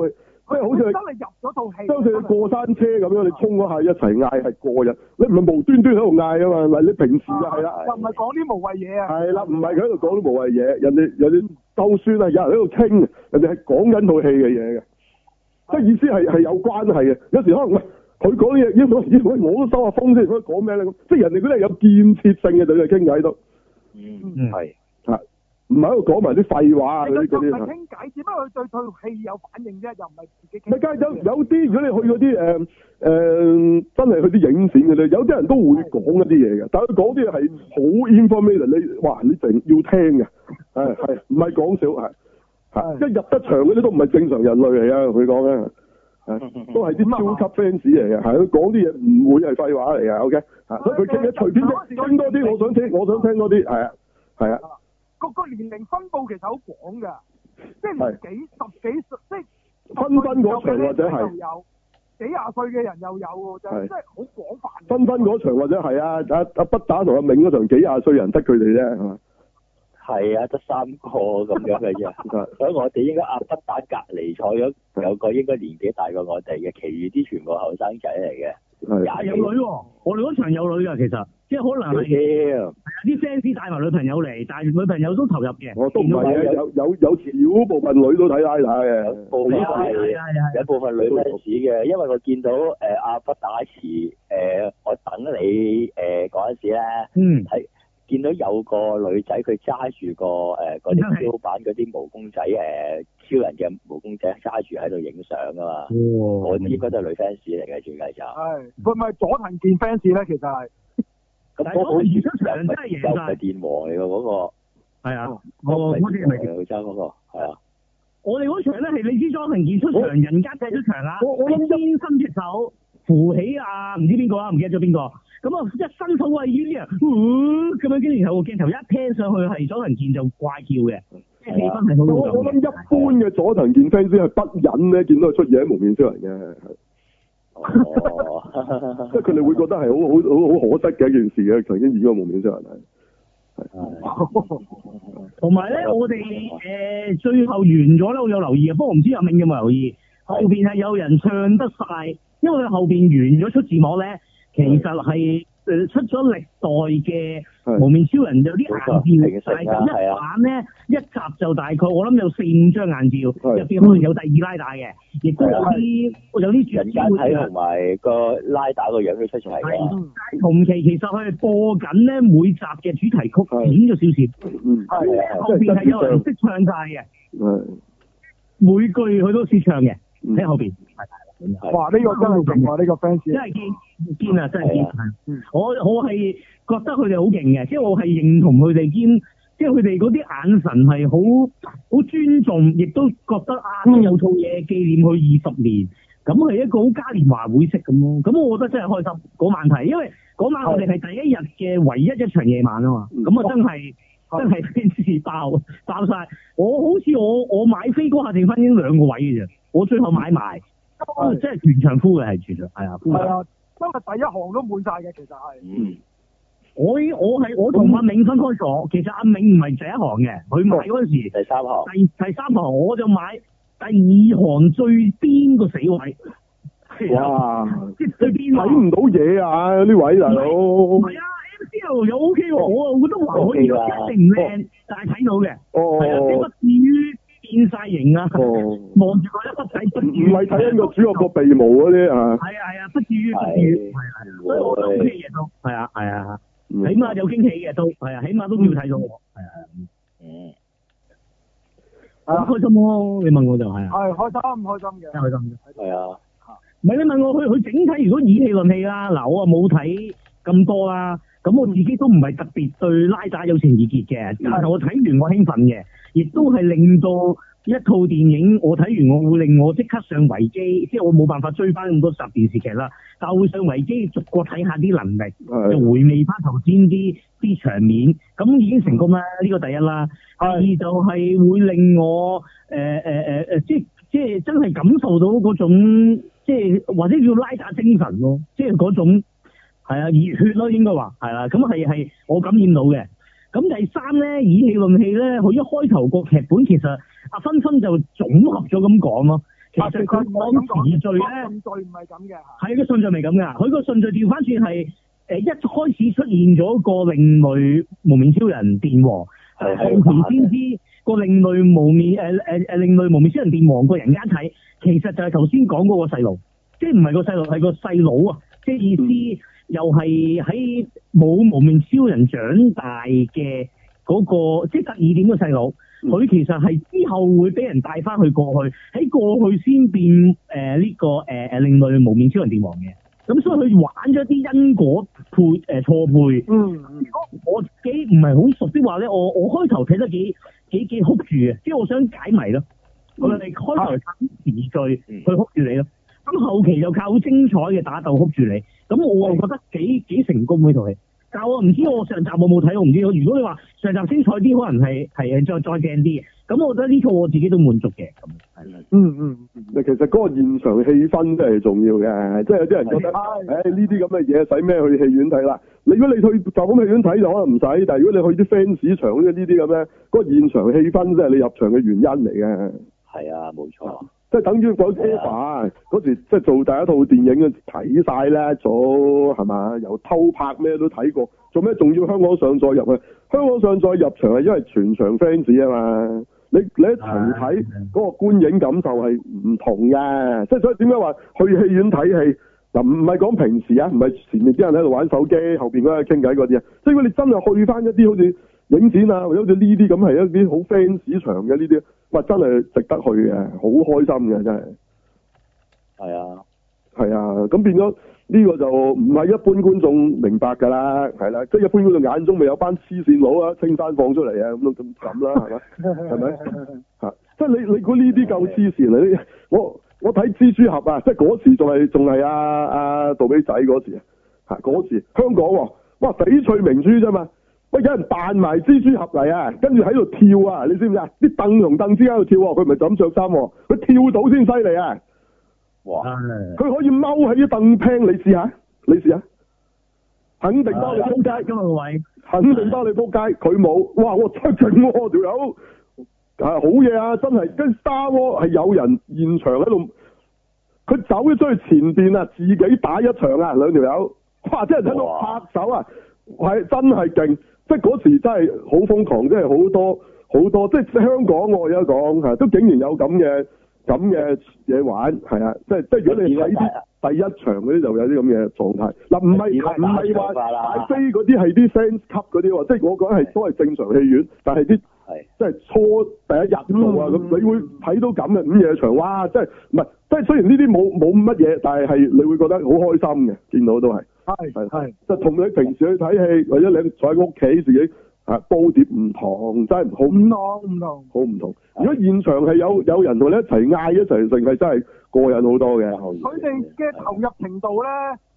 即好似你入咗套戲，即係你過山車咁樣，啊、你衝嗰下一齊嗌係過癮，你唔係無端端喺度嗌啊嘛，你平時就係啦，唔係講啲無謂嘢啊，係啦，唔係佢喺度講啲無謂嘢。嗯，人哋有啲就算啦，有人喺度傾，人哋係講緊套戲嘅嘢嘅，即、啊、係意思係係有關係嘅，有時可能佢講啲嘢，因為我冇我都收下風先，佢講咩咧咁，即係人哋嗰啲係有建設性嘅，就喺度傾偈到，嗯係。唔係喺度講埋啲廢話啊！你啲咁係傾偈，只不過佢對佢戲有反應啫。又唔係自己傾。唔係，梗係有有啲，如果你去嗰啲誒誒，真係去啲影展嘅咧，有啲人都會講一啲嘢嘅。但係佢講啲嘢係好 informative，你哇，你成要聽嘅。誒 係，唔係講笑係。即 一入得場嗰啲都唔係正常人類嚟啊！佢講嘅，都係啲超級 fans 嚟嘅。係佢講啲嘢唔會係廢話嚟嘅！OK，所以佢傾嘢隨便講，聽多啲我想聽，我想聽多啲係啊，係啊。各個年齡分布其實好廣噶，即係幾十幾歲，即係分分嗰場或者係，幾廿歲嘅人又有，就即係好廣泛。分分嗰場或者係啊啊！不打同阿銘嗰場幾廿歲人得佢哋啫，啊係啊，得三個咁樣嘅啫， 所以我哋應該阿不打隔籬，坐咗有個應該年紀大過我哋嘅，其餘啲全部後生仔嚟嘅。也有女，哦，我哋嗰場有女啊，其實即係可能係，係啊，啲 fans 帶埋女朋友嚟，但係女朋友都投入嘅，我都唔係啊，有有有少部分女都睇拉拉嘅，有部分，有部分女都傻屎嘅，因為我見到誒、呃、阿不打時，誒、呃、我等你誒嗰陣時咧，嗯，係。見到有個女仔，佢揸住個誒嗰啲超板，嗰啲毛公仔誒、呃，超人嘅毛公仔揸住喺度影相噶嘛。哦、我應該都係女 fans 嚟嘅，算計就係佢咪佐藤健 fans 咧？其實係咁，我好而出場係真係贏係電王嚟噶嗰個。係啊、嗰個啊，嗰個嗰個、啊，我我哋咪揸嗰個係啊。我哋嗰場咧係你知，佐藤健出場，人家踢咗場我我邊心接手。扶起啊，唔知邊個啊唔記得咗邊個，咁啊一身土味衣啊，咁、嗯、樣跟住然後個鏡頭一聽上去係佐藤健就怪叫嘅，即係氣氛係好。我諗一般嘅佐藤健 fans 係不忍咧見到佢出嘢喺蒙面超人嘅，即係佢哋會覺得係好好好好可惜嘅一件事嘅，曾經演過蒙面超人係。同埋咧， 有呢 我哋誒、呃、最後完咗啦，我有留意啊，我不過唔知道阿明有冇留意， 後邊係有人唱得晒。因為佢後邊完咗出字幕咧，其實係誒出咗歷代嘅幪面超人有啲硬照，但咁一版咧一集就大概我諗有四五張硬照，入邊可能有第二拉打嘅，亦都有啲有啲主角。同埋個拉打個樣都出咗嚟，同期其實佢係播緊咧每集嘅主題曲演咗少少，嗯，後邊係有人識唱晒嘅，每句佢都識唱嘅，喺後邊。哇！呢、這個真係勁喎，呢、這個 fans 真係堅堅啊！真係堅、嗯，我我係覺得佢哋好勁嘅，即、就、係、是、我係認同佢哋堅，即係佢哋嗰啲眼神係好好尊重，亦都覺得啱、啊、有套嘢紀念佢二十年，咁、嗯、係一個好嘉年華會式咁咯。咁我覺得真係開心嗰晚題，因為嗰晚我哋係第一日嘅唯一一場夜晚啊嘛。咁、嗯、啊、嗯，真係、嗯、真係 fans 爆爆曬！我好似我我買飛嗰下剩翻已經兩個位嘅啫，我最後買埋。嗯即係全場呼嘅係全場，係啊，係啊，今日第一行都滿晒嘅，其實係。嗯。我我係我同阿銘分開咗，其實阿銘唔係第一行嘅，佢買嗰時、哦。第三行。第第三行我就買第二行最邊個死位。哇！即係最邊睇唔到嘢啊呢位大佬。唔係、哦、啊，M C L 又 O K 喎，我、OK、啊、哦、我覺得還可以，哦、一定唔靚，但係睇到嘅。哦。係啊，哦變晒形啊！望住佢都唔不唔係睇一個主角個鼻毛嗰啲啊！係啊係啊，不至於不至於，係啊係啊，所以嘢，係啊係啊，起碼有驚喜嘅都係啊，起碼都要睇到我，係啊係啊。啊，嗯、的開心咯、啊！你問我就係啊，係開心唔開心嘅，開心嘅係啊。唔係你問我，佢佢整體如果以戲論戲啦，嗱、啊，我啊冇睇咁多啊。咁我自己都唔係特別對拉打有情意結嘅，但係我睇完我興奮嘅，亦都係令到一套電影我睇完我，我會令我即刻上維基，即係我冇辦法追翻咁多集電視劇啦，但我會上維基逐個睇下啲能力，就回味翻頭先啲啲場面，咁已經成功啦。呢個第一啦，第二就係會令我、呃呃呃、即係即，即，即真係感受到嗰種，即係或者叫拉打精神咯、哦，即係嗰種。係啊，熱血咯，應該話係啦。咁係係我感染到嘅。咁第三咧，以戲論戲咧，佢一開頭個劇本其實阿分分就綜合咗咁講咯。其實佢講詞序咧，順、啊啊、序唔係咁嘅。係個順序唔係咁噶，佢個順序調翻轉係誒，一開始出現咗個另類幪面超人電王，後嚟先知個另類幪面誒誒誒，另類幪面超人電王個人一睇，其實就係頭先講嗰個細路，即係唔係個細路，係個細佬啊，即係意思、嗯。又係喺冇幪面超人長大嘅嗰，那個，即係特異點嘅細佬，佢，嗯、其實係之後會俾人帶翻去過去，喺過去先變呢，呃這個誒誒、呃、另類嘅幪面超人電王嘅。咁所以佢玩咗啲因果配、呃、錯配。嗯，如果我自己唔係好熟悉話咧，我我開頭睇得幾幾幾哭住嘅，即、就、係、是，我想解謎咯。我，嗯、哋開頭揀時序去哭住你咯，咁，嗯、後期就靠好精彩嘅打鬥哭住你。咁我又覺得幾幾幾成功呢套戲，但係我唔知我上集我冇睇，我唔知。如果你話上集精彩啲，可能係係再再正啲嘅。咁我覺得呢套我自己都滿足嘅。咁，係啦，嗯嗯嗯。其實嗰個現場氣氛真係重要嘅，即係有啲人覺得，唉呢啲咁嘅嘢使咩去戲院睇啦？你你如果你去舊戲院睇就可能唔使，但係如果你去啲 fans 場嗰呢啲咁咧，嗰個現場氣氛真係你入場嘅原因嚟嘅。係啊，冇錯。即係等於講《Tera》嗰時，即係做第一套電影嘅時睇晒啦，做係嘛？由偷拍咩都睇過，做咩仲要香港上載入去？香港上載入場係因為全場 fans 啊嘛！你你一場睇嗰、yeah. 個觀影感受係唔同嘅，即係所以點解話去戲院睇戲嗱？唔係講平時啊，唔係前面啲人喺度玩手機，後面嗰啲傾偈嗰啲啊。如果你真係去翻一啲好似影展啊，或者好似呢啲咁係一啲好 fans 場嘅呢啲。唔真係值得去嘅，好開心嘅真係。係啊，係啊，咁變咗呢個就唔係一般觀眾明白㗎啦，係啦、啊，即係一般觀眾眼中咪有班黐線佬啊，青山放出嚟 係咪 啊，咁都咁啦，係咪？係咪？即係你你估呢啲夠黐線你啲我我睇蜘蛛俠啊，即係嗰時仲係仲係阿阿杜比仔嗰時啊，嗰、啊、時、啊、時香港、啊、哇翡翠明珠啫嘛。喂，有人扮埋蜘蛛俠嚟啊！跟住喺度跳啊！你知唔知啊？啲凳同凳之間喺度跳，佢唔係就咁着衫，佢跳到先犀利啊！哇！佢可以踎喺啲凳平，你試下，你試下，肯定包你扑街，今個位肯定包你扑街。佢冇哇！我真勁喎，條友係好嘢啊！真係跟沙窩係有人現場喺度，佢走咗出去前邊啊，自己打一場啊，兩條友哇！真係喺度拍手啊，係真係勁。即嗰時真係好瘋狂，即係好多好多，即係香港我而家講吓都竟然有咁嘅咁嘅嘢玩，係啊，即係即係如果你睇第一場嗰啲就有啲咁嘅狀態。嗱，唔係唔係話飛嗰啲係啲 fans 級嗰啲喎，即係我覺得係都係正常戲院，但係啲即係初第一日到啊，咁、嗯、你會睇到咁嘅午夜場，哇！即係唔係即係雖然呢啲冇冇乜嘢，但係係你會覺得好開心嘅，見到都係。係係，同你平時去睇戲，或者你喺屋企自己啊煲碟唔同，真係唔唔好唔同，同，同。如果現場係有有人同你一齊嗌，一齊，成係真係過癮好多嘅。佢哋嘅投入程度咧，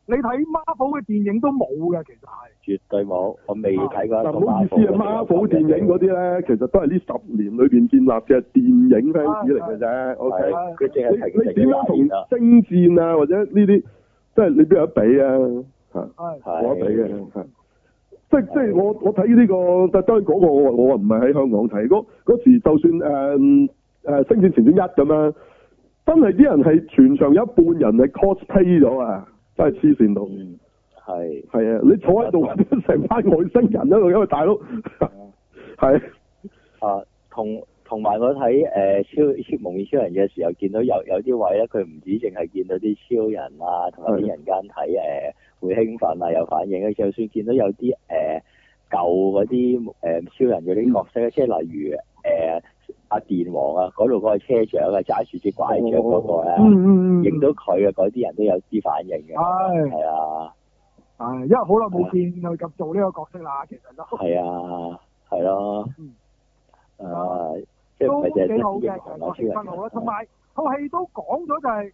你睇孖 a 嘅電影都冇㗎。其實係絕對冇。我未睇過。唔好意思啊孖 a 電影嗰啲咧，其實都係呢十年裏邊建立嘅電影 fans 嚟嘅啫。O、okay, K，、okay，你你點樣同星戰啊或者呢啲，即係你邊有得比啊？吓，係，係，即係即係我我睇呢、這個特登講個我我唔係喺香港睇，嗰嗰時就算誒誒星戰前轉一咁啦，真係啲人係全場有一半人係 cosplay 咗啊，真係黐線到，係、嗯，係啊，你坐喺度成班外星人喺度，因為大佬係，啊同同埋我睇誒超超幪面超人嘅時候，見到有有啲位咧，佢唔止淨係見到啲超人啊，同埋啲人間體。誒。呃會興奮啊，有反應嘅、啊。就算見到有啲誒舊嗰啲誒超人嗰啲角色，即係例如誒阿、呃、電王啊，嗰度嗰個車長啊，揸住隻拐杖嗰個咧，影到佢啊，嗰、哦、啲、哦嗯、人都有啲反應嘅。係係啊，因為好耐冇見佢咁做呢個角色啦，其實都係啊，係咯、啊啊嗯啊啊啊。嗯。啊，即、嗯、係好啦，同埋套戲都講咗就係、是。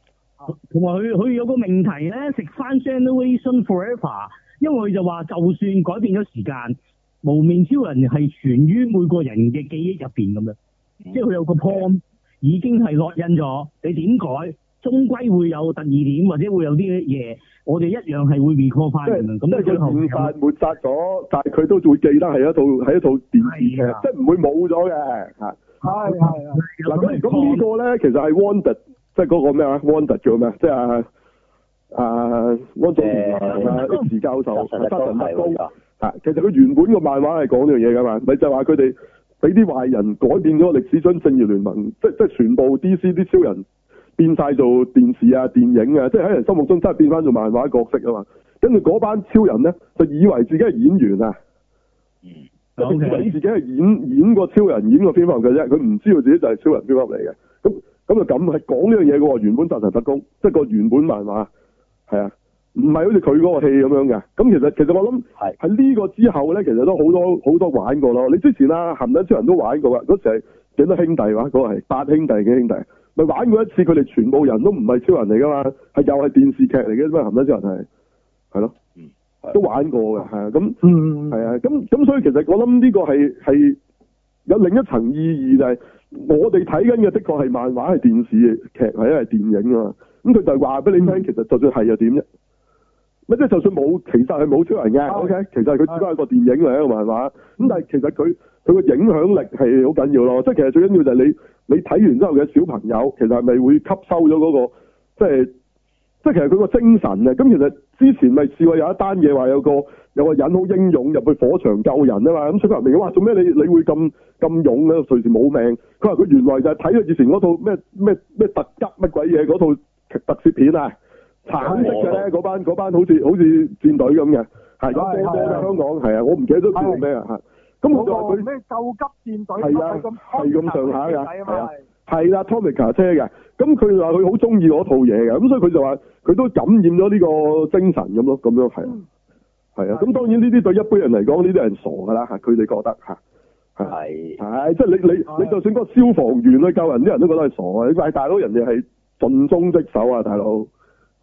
同埋佢佢有個命題咧，食翻 Generation Forever，因為佢就話就算改變咗時間，幪面超人係存於每個人嘅記憶入邊咁樣，即係佢有個 point 已經係烙印咗，你點改，終歸會有特異點或者會有啲嘢，我哋一樣係會 recall 翻。即係佢唔殺，抹殺咗，但係佢都會記得係一套，係一套電視劇、啊，即係唔會冇咗嘅。係係、啊。嗱咁如果呢個咧，其實係 Wonder。即係嗰個咩啊？Wanda 叫咩？即係啊，安東尼啊，X、欸啊、教授啊，沙塵特工啊，其實佢原本個漫畫係講呢樣嘢㗎嘛，咪就係話佢哋俾啲壞人改變咗歷史中正義聯盟，即係即係全部 DC 啲超人變晒做電視啊、電影啊，即係喺人心目中真係變翻做漫畫角色啊嘛。跟住嗰班超人咧，就以為自己係演員啊，佢、嗯 okay. 自己係演演過超人演過蝙蝠俠啫，佢唔知道自己就係超人蝙蝠俠嚟嘅咁。咁就咁係講呢樣嘢嘅喎，原本得神特工，即係個原本漫畫，係啊，唔係好似佢嗰個戲咁樣嘅。咁其實其實我諗係喺呢個之後咧，其實都好多好多玩過咯。你之前啊，鹹蛋超人都玩過噶，嗰時係幾多兄弟嘛、啊，嗰、嗰個係八兄弟嘅兄弟，咪玩過一次。佢哋全部人都唔係超人嚟噶嘛，係又係電視劇嚟嘅，咁啊鹹蛋超人係係咯，都玩過嘅係。咁、嗯、係啊，咁咁、嗯啊、所以其實我諗呢個係係有另一層意義就係、是。我哋睇緊嘅的確係漫畫、係電視劇、係因為電影啊，咁佢就係話俾你聽，其實就算係又點啫，咪即係就算冇，其實係冇出人嘅，OK，其實佢只不過一個電影嚟,啊嘛，漫畫咁但係其實佢佢個影響力係好緊要咯，即係其實最緊要就係你你睇完之後嘅小朋友，其實係咪會吸收咗嗰個即係即係其實佢個精神啊，咁其實之前咪試過有一單嘢，話有個。有個人好英勇入去火場救人啊嘛！咁出家人問做咩你你會咁咁勇咧？隨時冇命。佢話，佢原來就係睇咗以前嗰套咩咩咩特急乜鬼嘢嗰套特攝片啊，橙色嘅咧，嗰、哎、班班好似好似戰隊咁嘅，係咁。香港係、哎、啊，我唔記得咗叫咩啊嚇。咁我話佢咩救急戰隊，係啊，係咁、啊啊啊、上下㗎，係啊，啊，啊 Tomica 車嘅。咁佢話佢好中意嗰套嘢嘅，咁所以佢就話佢都感染咗呢個精神咁咯，咁樣係。係啊，咁當然呢啲對一般人嚟講，呢啲係傻噶啦吓，佢哋覺得吓，係係即係你你你就算嗰個消防員去救人，啲人都覺得係傻啊！你塊大佬，人哋係盡忠職守啊，大佬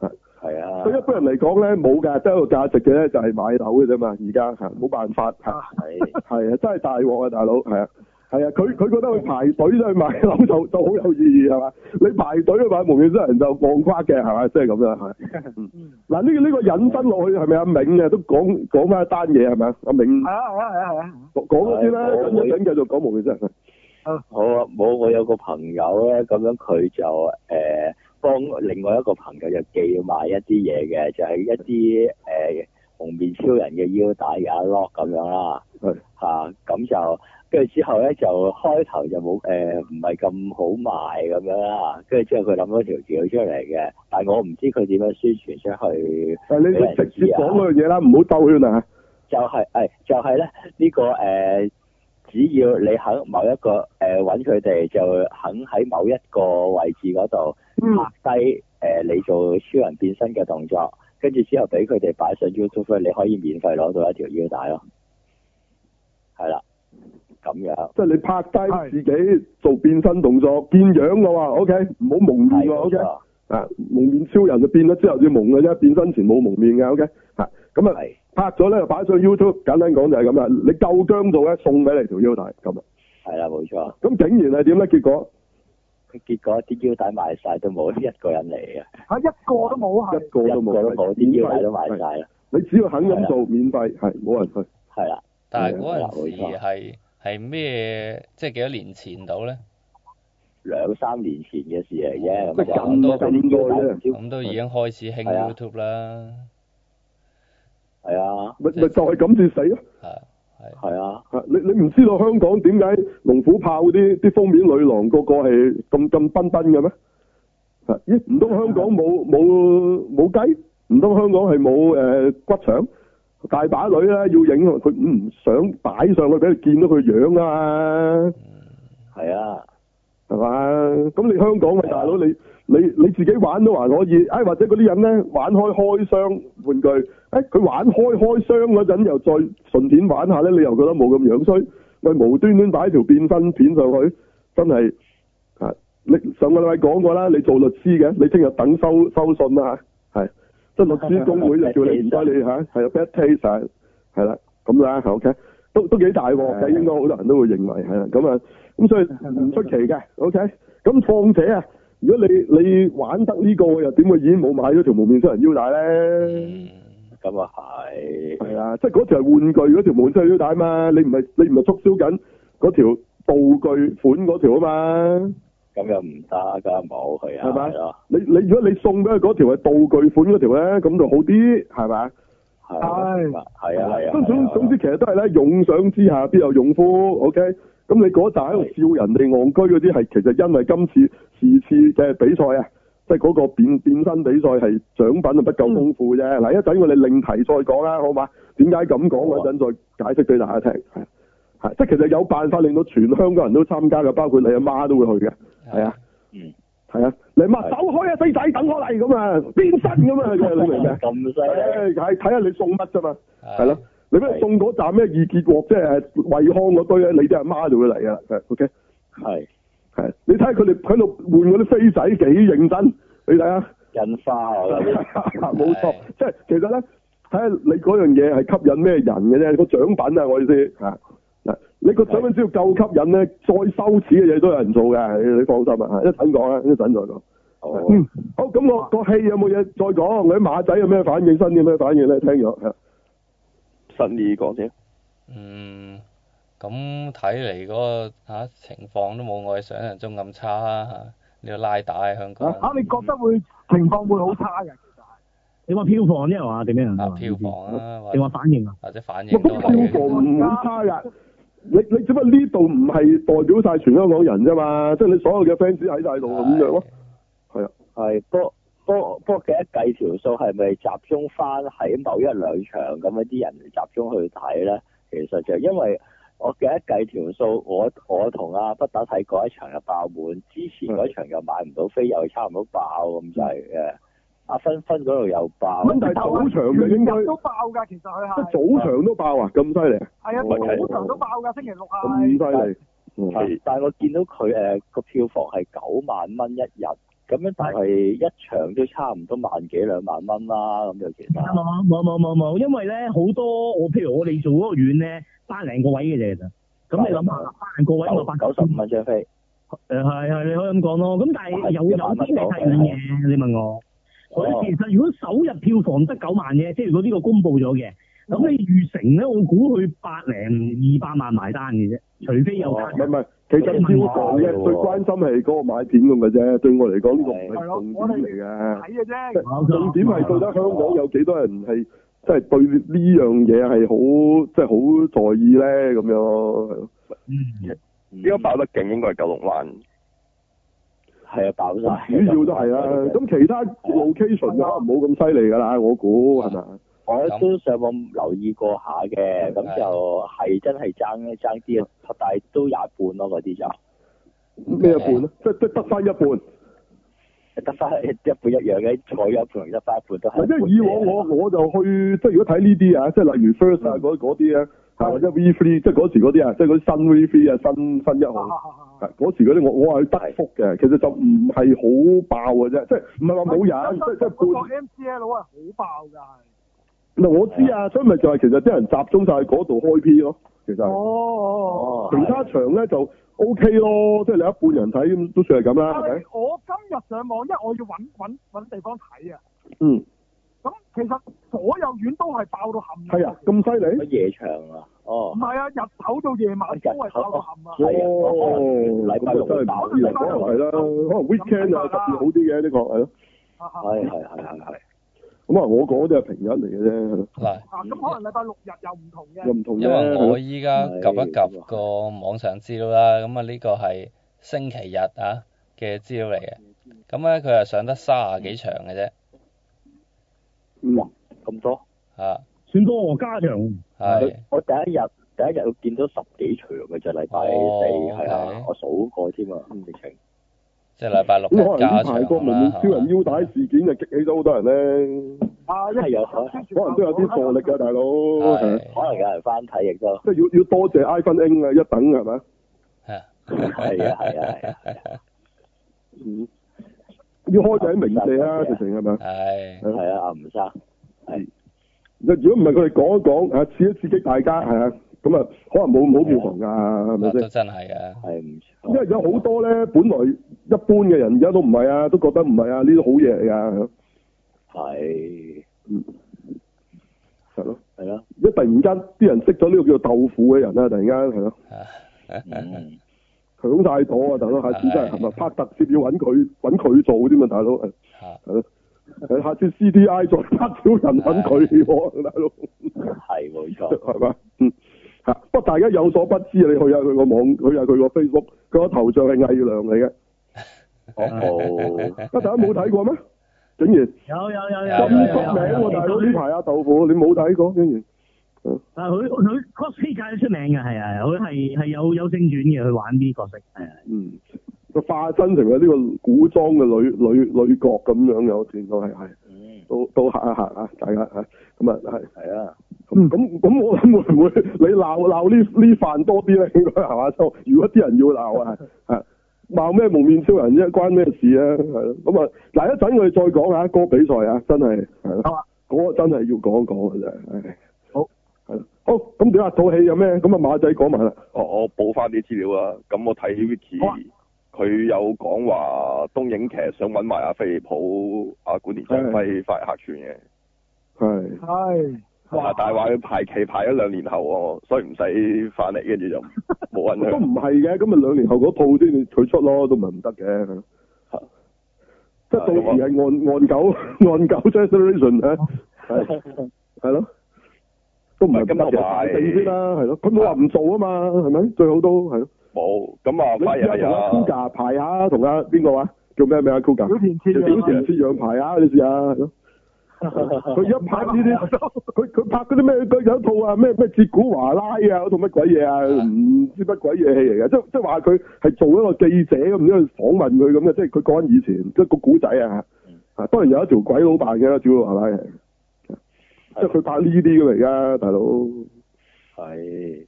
係係啊！對一般人嚟講咧，冇㗎，即係有價值嘅咧就係、是、買樓嘅啫嘛，而家吓冇辦法係係啊，啊， 啊，真係大鑊啊，大佬係啊。係啊，佢佢覺得佢排隊去買樓就，就就好有意義係嘛？你排隊去買幪面超人就放誇嘅係嘛？即係咁樣係。嗱呢、 啊呢個呢、呢個引申落去係咪阿銘啊都講講翻一單嘢係咪？阿銘係啊係啊係啊，講講先啦，等、啊哎、一等繼續講幪面超人。好啊，冇我有個朋友咧，咁樣佢就誒幫、呃、另外一個朋友就寄埋一啲嘢嘅，就係、是、一啲誒。呃幪面超人嘅腰帶也碌咁樣啦，吓、啊、咁就跟住之後咧就開頭就冇誒唔係咁好賣咁樣啦，跟住之後佢諗咗條料出嚟嘅，但係我唔知佢點樣宣傳出去。但你直接講嗰樣嘢啦，唔好兜圈啊！就係誒，就係咧呢個誒、呃，只要你肯某一個誒搵佢哋，呃、找他們就肯喺某一個位置嗰度拍低誒，你、嗯呃、做超人變身嘅動作。跟住之後俾佢哋擺上 YouTube，你可以免費攞到一條腰帶咯，係啦，咁樣。即係你拍低自己做變身動作、變樣嘅話，OK，唔好蒙面喎，OK 啊，蒙面超人就變咗之後要蒙嘅啫，變身前冇蒙面嘅，OK，吓、啊，咁啊拍咗咧，擺上 YouTube，簡單講就係咁啦，你夠姜到咧，送俾你條腰帶，咁啊係啦，冇錯。咁竟然係點咧？結果？結果啲腰帶賣晒都冇，一一個人嚟嘅，吓，一個都冇啊，一個都冇，冇啲腰帶都賣晒啦。你只要肯咁做，免費係冇人去，係啦。但係嗰陣時係係咩？即係幾多年前到咧？兩三年前嘅事嚟嘅，咁多咁都，嗯、已經開始興 YouTube 啦。係啊，咪咪就係咁至死咯。係係啊！吓，你你唔知道香港點解龍虎豹啲啲封面女郎個個係咁咁奔奔嘅咩？吓，咦唔通香港冇冇冇雞？唔通香港係冇誒骨長？大把女啦，要影佢，佢唔想擺上去俾佢見到佢樣啊！係啊，係嘛？咁你香港嘅大佬，你你你自己玩都還可以，哎或者嗰啲人咧，玩開開箱玩具。誒、欸，佢玩開開箱嗰陣又再順便玩下咧，你又覺得冇咁樣衰。喂，無端端擺條變身片上去，真係、啊、你上個禮拜講過啦，你做律師嘅，你聽日等收收信啦、啊，係即係律師公會就叫你唔該你吓，係 bad taste 係啦，咁啦，OK，都都幾大鑊嘅，應該好多人都會認為係啦。咁啊，咁所以唔出奇嘅，OK。咁況且啊，如果你你玩得呢、這個，又點會已經冇買咗條幪面超人腰帶咧？咁啊係，係啊，即係嗰條係玩具嗰條滿身腰帶啊嘛，你唔係你唔係促銷緊嗰條道具款嗰條啊嘛，咁又唔得噶冇係啊，係咪？你你如果你送俾佢嗰條係道具款嗰條咧，咁就好啲，係咪？係，係啊係啊，總總之其實都係咧，重賞之下必有勇夫，OK？咁你嗰陣喺度笑人哋戇居嗰啲，係其實因為今次次次嘅比賽啊。即係嗰個變身比賽係獎品啊不夠豐富啫，嗱，一陣我哋另題再講啦，好嘛？點解咁講嗰陣再解釋俾大家聽，係，係即係其實有辦法令到全香港人都參加嘅，包括你阿媽都會去嘅，係啊，嗯，係啊，你媽走開啊，飛仔等我嚟咁啊，變身咁啊，你明係睇下你送乜啫嘛，係咯，你咩送嗰站咩易潔鑊，即係惠康嗰堆你啲阿媽就會嚟啊。OK 係。Okay? 你睇下佢哋喺度換嗰啲飛仔幾認真，你睇下、啊。印花冇錯， 即係其實咧，睇下你嗰樣嘢係吸引咩人嘅啫，個獎品啊，我意思，吓嗱，你個獎品只要夠吸引咧，再羞恥嘅嘢都有人做嘅，你放心啊吓。一陣講啊，一陣再講、哦嗯。好，咁我、個戲有冇嘢再講？你啲馬仔有咩反應？新啲咩反應咧？聽咗新啊，信講先。嗯。咁睇嚟嗰個情況都冇我哋想象中咁差啊！你要拉大香港吓、啊，你覺得會情況會好差嘅？其實點講、啊、票房啫係嘛？點樣票房啊，定話反應啊？或者反應都係。票房唔差嘅。你你做乜呢度唔係代表晒全香港人啫嘛？即係你所有嘅 fans 喺晒度咁樣咯。係啊，係，不過，不過，其實計條數係咪集中翻喺某一兩場咁樣啲人集中去睇咧？其實就因為。我記得計條數，我我同阿不打睇嗰一場又爆滿，之前嗰場又買唔到飛又差唔多爆，咁就係、係嗯、阿芬芬嗰度又爆。問題早場嘅應該都爆㗎，其實佢早場都爆啊！咁犀利。係啊，早場都爆㗎、哦。星期六啊，咁犀利。但係、嗯、我見到佢誒個票房係九萬蚊一日，咁樣但係一場都差唔多萬幾兩萬蚊啦，咁就其實。冇冇冇冇，因為咧好多我譬如我哋做嗰個院咧。翻零個位嘅啫，其實咁你諗下，翻零個位六百九十五萬張飛，誒，係係你可以咁講咯，咁但係又有啲唔吸引嘢，你問我。哦，所以其實如果首日票房得九萬嘅，即係如果呢個公布咗嘅，咁、嗯、你預成咧，我估佢百零二百萬埋單嘅啫，除非有差唔多，唔係唔係，其實票房最關心係嗰個買點咁嘅啫，對我嚟講呢個唔係重點嚟嘅，睇嘅啫，重點係到底香港、哦、有幾多人係。即係對呢樣嘢係好，即係好在意咧咁樣。嗯，依家爆得勁，應該係九龍灣。係啊，爆曬。主要都係啦，咁其他 location 啊冇咁犀利㗎啦，我估係咪？我都上網留意過一下嘅，咁就係真係爭爭啲啊，但係都廿半咯，嗰啲就咩一半？啊，即即得翻一半。得翻一一半一樣嘅，再有仲有一翻半，半都係。即係以往我我，我就去，即係如果睇呢啲啊，即係例如 First 嗰、嗯、啲啊，係或者 V three 即係嗰時嗰啲啊，即係嗰啲新 V three 啊，新新一號，嗰時嗰啲我我係去得福嘅，其實就唔係好爆嘅啫，即係唔係話冇人，即即、就是、半。不過 MCL 啊好爆㗎係。嗱我知啊，所以咪就係其實啲人集中晒喺嗰度開 P 咯。其實哦，其他場咧、哦、就 O、OK、K 咯，即、就、係、是、你一半人睇都算係咁啦。我今日上網，因為我要揾揾揾地方睇啊。嗯。咁其實所有院都係爆到冚。係啊，咁犀利。夜場啊，哦。唔係啊，日頭到夜晚都係爆到冚啊。哦，嗱、哦，咁都真係唔錯。可能係啦，可能 weekend 啊特別好啲嘅呢個，係咯。係係係係。咁啊，我講啲係平日嚟嘅啫。嗱，啊咁可能禮拜六日又唔同嘅。又唔同嘅。因為我依家 𥄫 一 𥄫 個網上資料啦，咁啊呢個係星期日啊嘅資料嚟嘅。咁咧佢係上得三十啊幾場嘅啫。咁啊？咁多？係。算多我加場。係。我第一日第一日我見到十幾場嘅就禮拜四係啊，我數過添啊。嗯。即係禮拜六咁可能呢排個幪面超人腰帶事件就激起咗好多人咧，啊一係有可能都有啲助力嘅、啊啊、大佬，可能有人翻睇亦都，即係要要多謝 iPhone n 啊一等嘅係嘛，係 啊係啊係啊係啊，嗯，要開仔明名啊直情係咪？係 係啊阿吳生，係，如果唔係佢哋講一講啊，刺一刺激大家係啊。咁啊，可能冇咁好票房㗎，係咪先？真係啊，係唔錯。因為有好多咧，本來一般嘅人，而家都唔係啊，都覺得唔係啊，呢啲好嘢嚟㗎。係，嗯，係咯，係咯。一突，突然間，啲人識咗呢個叫做豆腐嘅人啊，突然間係咯，嚇嚇嚇，搶曬咗啊！大佬，下次真係係咪拍特攝要揾佢揾佢做嘛大佬係，係咯、啊，下次 C D I 再拍少人揾佢，大佬係喎，冇錯，係嘛，嗯。不過大家有所不知，你去下佢個網，佢去下佢個 Facebook，佢個頭像係偽娘嚟嘅。哦、oh， 大家冇睇過咩？竟然有有有有，真出名喎大佬，呢排阿、啊、豆腐，你冇睇過竟然。啊！佢佢 cosplay 界好出名嘅，係啊，佢係係有有性轉嘅，去玩啲角色，係啊，嗯，佢化身成為呢個古裝嘅女女女角咁樣，有前途係係。都都吓一吓啊！大家咁啊係係啊，咁咁咁我諗會唔會你鬧鬧呢呢飯多啲咧？應該係嘛？如果啲人要鬧啊，係鬧咩幪面超人啫？關咩事啊？係咁啊！嗱，一陣我哋再講下個比賽啊，真係係嘛，真係要講講嘅啫。好係、啊那個、好，咁第二套戲有咩？咁啊馬仔講埋啦。哦，我補翻啲資料啊。咁我睇 V T。佢有講、啊、話東映其實想揾埋阿飛利浦、阿管年、長威翻去客串嘅，係係，但係話要排期排咗兩年後喎，所以唔使返嚟。跟住就冇人去。 都唔係嘅，咁咪兩年後嗰套先佢出咯，都唔係唔得嘅，即係、啊、到時係按按九按九 generation 嚇，係咯 是的， 都唔係今落去先啦，係咯，咁冇話唔做啊嘛，係咪最好都係咯。冇，咁啊，翻日又啊，Koga 排下同阿邊個話叫咩名啊？Koga 小田切小田切讓排啊，你試下。佢一，、啊、一， 一拍呢啲，佢佢拍嗰啲咩？佢有一套啊，咩咩捷古華拉啊，嗰套乜鬼嘢啊？唔知乜鬼嘢戲嚟嘅，即即係話佢係做一個記者咁樣訪問佢咁樣，即係佢講以前即、就是、個古仔啊。啊，當然有一條鬼佬扮嘅啦，捷古華拉即係佢拍呢啲嘅嚟噶，大佬係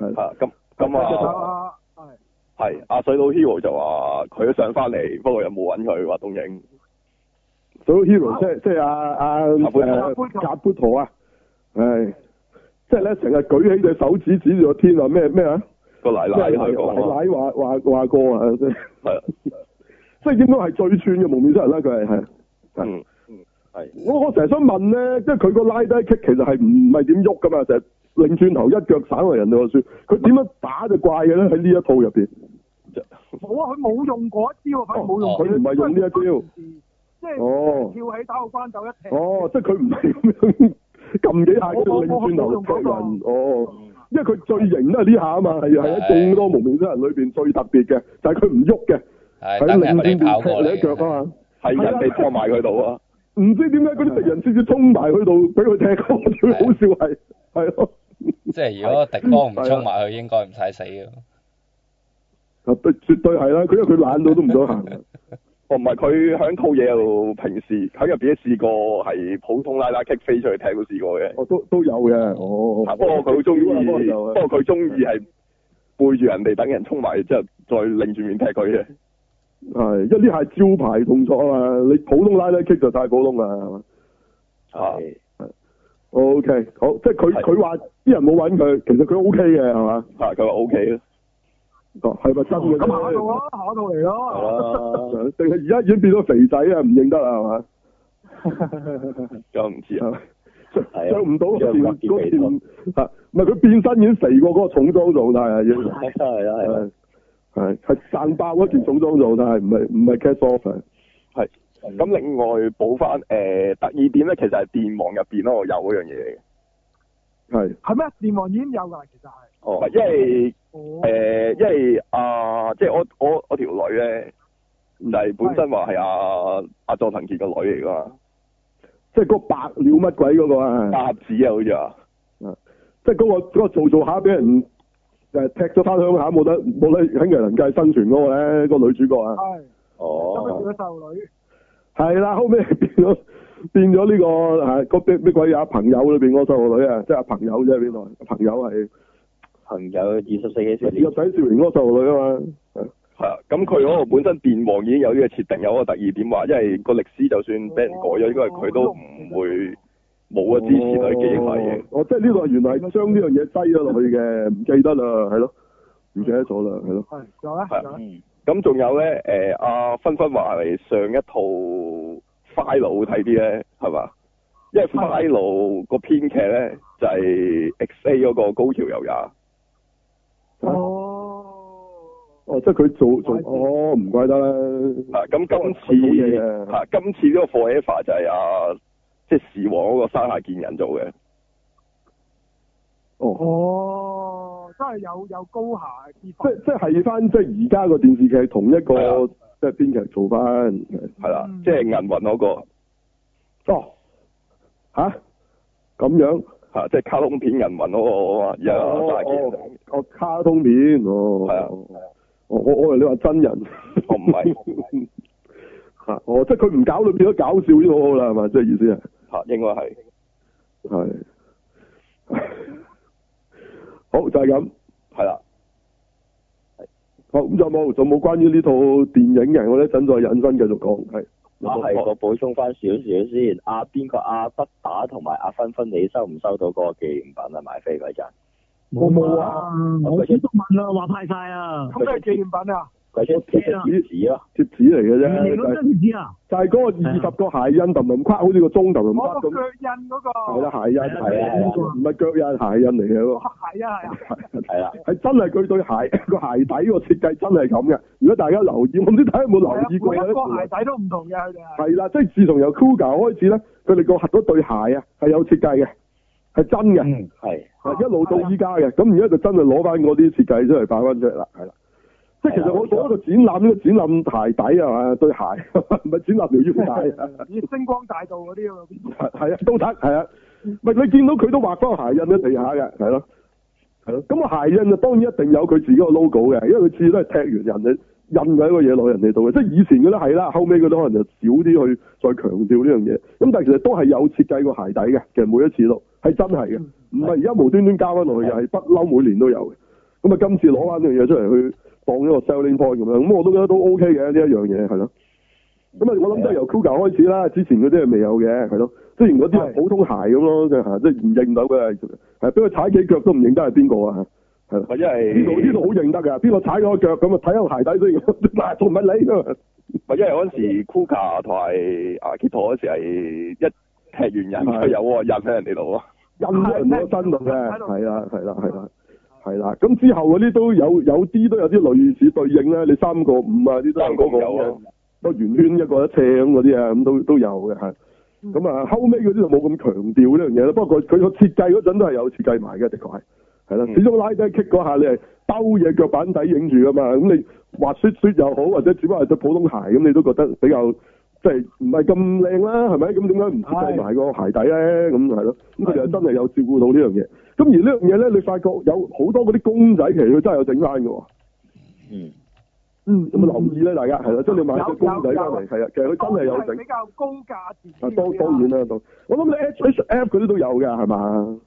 係啊咁。咁、嗯嗯嗯嗯、啊，係係阿水佬 Hero 就話佢一上翻嚟，不過又冇揾佢？話東映水佬 Hero 即係即係阿阿阿阿阿布陀啊，係即係咧成日舉起隻手指指住個天話咩咩啊個奶奶係、啊、奶奶話話話過啊，係即係應該係最串嘅蒙面超人啦，佢係係嗯係我我成日想問咧，即係佢個拉低 kick 其實係唔係點喐噶嘛成？擰轉頭一腳散埋人哋，話說，佢點樣打就怪嘅咧？喺呢一套入邊，冇、哦、啊，佢冇用過一招佢冇用，佢唔係用呢一招，哦一招哦、即係跳起打個關斗一,一踢。哦，哦即係佢唔係咁樣撳幾下，佢擰轉頭人。哦，因為佢最型都係呢下啊嘛，係喺眾多幪面超人裏邊最特別嘅，但係佢唔喐嘅，係擰轉頭踢你一腳啊嘛，係人哋拖埋佢度啊，唔知點解嗰啲敵人直接衝埋去度俾佢踢過，最好笑係係咯。 即係如果敵方唔衝埋去，應該唔使死嘅、 嗯。絕對係係啦，佢因為佢懶到都唔想行啦。哦，唔係佢響套嘢度，平時喺入邊都試過係普通拉拉 kick 飛出去踢都試過嘅。哦，都都有嘅。哦。不過佢好中意，不過佢中意係背住人哋等人衝埋之後再擰住面踢佢嘅。係一啲係招牌動作啊嘛！你普通拉拉 kick 就太普通啦，係嘛？哎 O、okay, K，好，即係佢佢話啲人冇揾佢，其實佢 O K 嘅係嘛？啊佢話 O K 咯，係咪真嘅？咁下到度啦，下度嚟啦，咯、啊，定係而家已經變咗肥仔 啊？唔認得啦係嘛？咁唔知啊，上唔到嗰段嗰段唔係佢變身已經肥過嗰個重裝狀態，係， 啊，係啊，係，係散爆段重裝狀態，唔係唔係 cast off 嘅，係。咁另外補返，誒特異點呢，其實係電王入面囉。我有嗰樣嘢嘅。係。係咩？電王已經有㗎啦，其實係、哦。因為誒、哦，因為，、哦因為哦、啊，即、就、係、是、我我我條女呢，唔、就、係、是、本身話係阿阿佐藤傑個女嚟㗎，嘛，即係個白鳥乜鬼嗰個啊，鴨子啊，好似話，即係嗰、那個嗰、那個做做下俾人誒踢咗返鄉下，冇得冇得喺人間生存嗰個呢，那個女主角啊。哦。咁佢做咗受女。係啦，後尾變咗變咗呢、這個啊，個啲咩鬼啊？朋友裏邊嗰個細路女啊，即係朋友啫，原來朋友係朋友二十世紀先。個仔少年嗰個細路女啊嘛，係啊，咁佢嗰個本身電王已經有呢個設定，有個特異點話，因為個歷史就算俾人改咗，應該係佢都唔會冇啊，支持佢記憶返嘢。我、哦哦、即係呢個原來係將呢樣嘢低咗落去嘅，唔記得啦，係咯，唔記得咗啦，係咯。係咁仲有咧，誒阿芬芬話嚟上一套 FINAL 一《FINAL》會睇啲咧，係嘛？因為《FINAL》個編劇咧就係 X A 嗰個高橋悠也。哦、啊。哦，即係佢做做，哦唔怪得啦。嗱、啊，咁今次，嗱、哦啊，今次呢個 Forever 就係阿、啊、即係時王嗰個下山健人做嘅。哦。即係有有高下之分，即即係翻即係而家個電視劇同一個即係編劇做翻係啦，即係銀魂嗰個。哦，吓、啊、咁樣吓、啊，即係卡通片銀魂嗰個我又大件我個卡通片哦，係啊，我我、啊啊、你話真人我唔係吓，哦，唔係 哦即係佢唔搞變咗搞笑啲好啦，係咪即係意思係啊？吓，應該係係。 好就係咁，係啦。好咁就冇，就冇、是啊哦、關於呢套電影人，我一陣再引申繼續講。係、啊，我係我補充翻少少先。阿、啊、邊個阿不、啊、打同埋阿分分，你收唔收到個個紀念品啊？買飛嗰陣，我冇啊，啊，我先問啊，話派晒啊，咁都係紀念品啊？就是、個貼紙啊，貼紙嚟嘅啫。你嗰張貼紙啊？就係、係、嗰個二十個鞋印同咁框，好似個鐘咁咁框咁。腳那個腳印嗰個係啦，鞋印係啦，唔係腳印，鞋印嚟嘅。係啊係啊係啦，係真係佢對鞋個鞋底個設計真係咁嘅。如果大家留意，我唔知睇有冇留意過咧。每個鞋底都唔同嘅，佢哋係，啦，即係自從由 Kuga 開始咧，佢哋個合對鞋啊，係有設計嘅，係真嘅，係一路到依家嘅。咁而家就真係攞翻啲設計出嚟擺翻出嚟啦，係啦。即係其實我做一個展覽，呢個展覽鞋底啊嘛，對鞋唔係展覽條腰帶啊， 以星光大道嗰啲啊嘛。係 係啊，都得係啊，唔係你見到佢都畫翻鞋印喺地下嘅，係咯係咯。咁啊個鞋印就當然一定有佢自己個 logo 嘅，因為佢次次都係踢完人哋印咗一個嘢落人哋度嘅。即係以前嗰啲係啦，後尾佢啲可能就少啲去再強調呢樣嘢。咁但係其實都係有設計個鞋底嘅，其實每一次都係真係嘅，唔係而家無端端加翻落去，又係不嬲每年都有嘅。咁啊今次攞翻呢樣嘢出嚟去。當咗個 selling point 咁樣，咁我都覺得都 OK 嘅呢一樣嘢係咯。咁啊，我諗都係由 Kuuga 開始啦，之前嗰啲係未有嘅，係咯。雖然嗰啲係普通鞋咁咯，即係唔認到嘅，係俾佢踩幾腳都唔認得係邊個啊？係。或者係。呢度？呢度好認得噶？邊個踩佢個腳咁啊？睇下鞋底都咁，同埋禮咯。唔係，因為嗰時 Kuuga 同埋阿、啊、Kito 嗰時係一踢完人就有印喺人哋度，啊，印喺人哋個身度嘅。係啦，係啦，係啦。係啦，咁之後嗰啲都有有啲都有啲類似對應啦，你三個五啊啲都有、嗰個啊，個圓圈，圈一個一尺咁嗰啲啊，咁都都有嘅咁啊，後尾嗰啲就冇咁強調呢樣嘢啦。不過佢佢個設計嗰陣都係有設計埋嘅，的確係係啦。始終拉低 kick 嗰下你係兜嘢腳板底影住噶嘛。咁你滑雪雪又好，或者只不過係隻普通鞋咁，你都覺得比較即係唔係咁靚啦，係咪？咁點解唔設計埋個鞋底咧？咁係咯。咁佢哋真係有照顧到呢樣嘢。咁而呢樣嘢咧，你發覺有好多嗰啲公仔其實佢真係有整翻嘅喎。嗯，嗯，有冇留意咧？大家係啦，即係、嗯、你買隻公仔翻嚟，係啊，其實佢真係有整。有比較高價值。啊，當當然啦，我諗你 H S F 嗰啲都有嘅係嘛？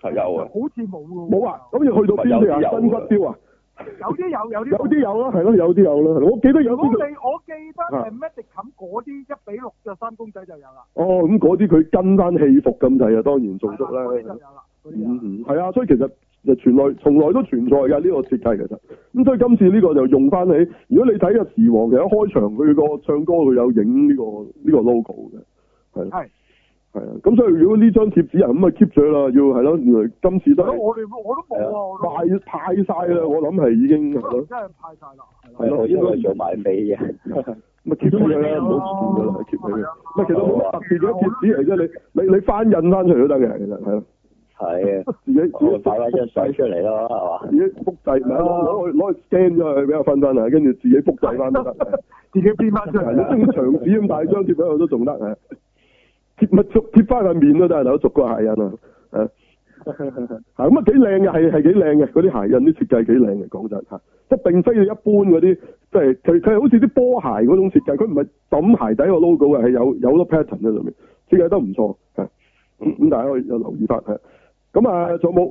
係有啊。好似冇喎。冇啊！咁你去到邊度啊？新骨雕啊？有啲有，有啲有啲有啦，係咯，有啲有啦。我記得有啲。我記得係咩迪冚嗰啲一比六嘅三公仔就有啦。哦，咁嗰啲佢跟翻戲服咁睇啊，當然做足啦。嗯嗯，係、嗯、啊，所以其實就從來從來都存在嘅呢，這個設計，其實咁所以今次呢個就用翻你。如果你睇嘅時王，其實開場佢個唱歌佢有影呢，這個呢，這個 logo 嘅，係係係啊，咁所以如果呢張貼紙啊咁啊 keep 咗啦，要係咯，原來今次都我哋我都冇啊，我派派晒啦，我諗係已經真係派晒啦，係咯，應該係做埋尾嘅，咪 keep 咗啦，冇見咗啦，keep 嚟咪其實冇乜特別嘅貼紙嚟啫，你你你翻印翻出嚟都得嘅，其實係係 啊，自己洗翻張水出嚟咯，係、啊、嘛？紛紛自己複製，攞攞去攞去 scan 咗去俾我分身啊，跟住自己複製翻得，自己貼翻張，好似牆紙咁大張貼喺度都仲得啊！貼咪逐貼翻個面都得，睇下逐個鞋印啊！咁啊幾靚嘅，係係幾靚嘅，嗰啲鞋印啲設計幾靚嘅，講真吓，即係並非要一般嗰啲，即係佢佢係好似啲波鞋嗰種設計，佢唔係抌鞋底個 logo 嘅，係有有好多 pattern 喺上面，設計得唔錯！咁大家可以有留意翻。咁有有、嗯、啊，仲有冇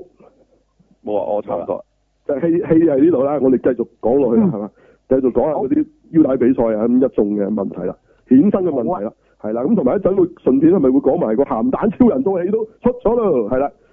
冇啊？我錯咗，就戲戲喺呢度啦。我哋繼續講落去係嘛，繼續講下嗰啲腰帶比賽啊、一眾嘅問題啦、衍生嘅問題啦，係啦。咁同埋一陣會順便係咪會講埋個咸蛋超人套戲都出咗咯，係啦。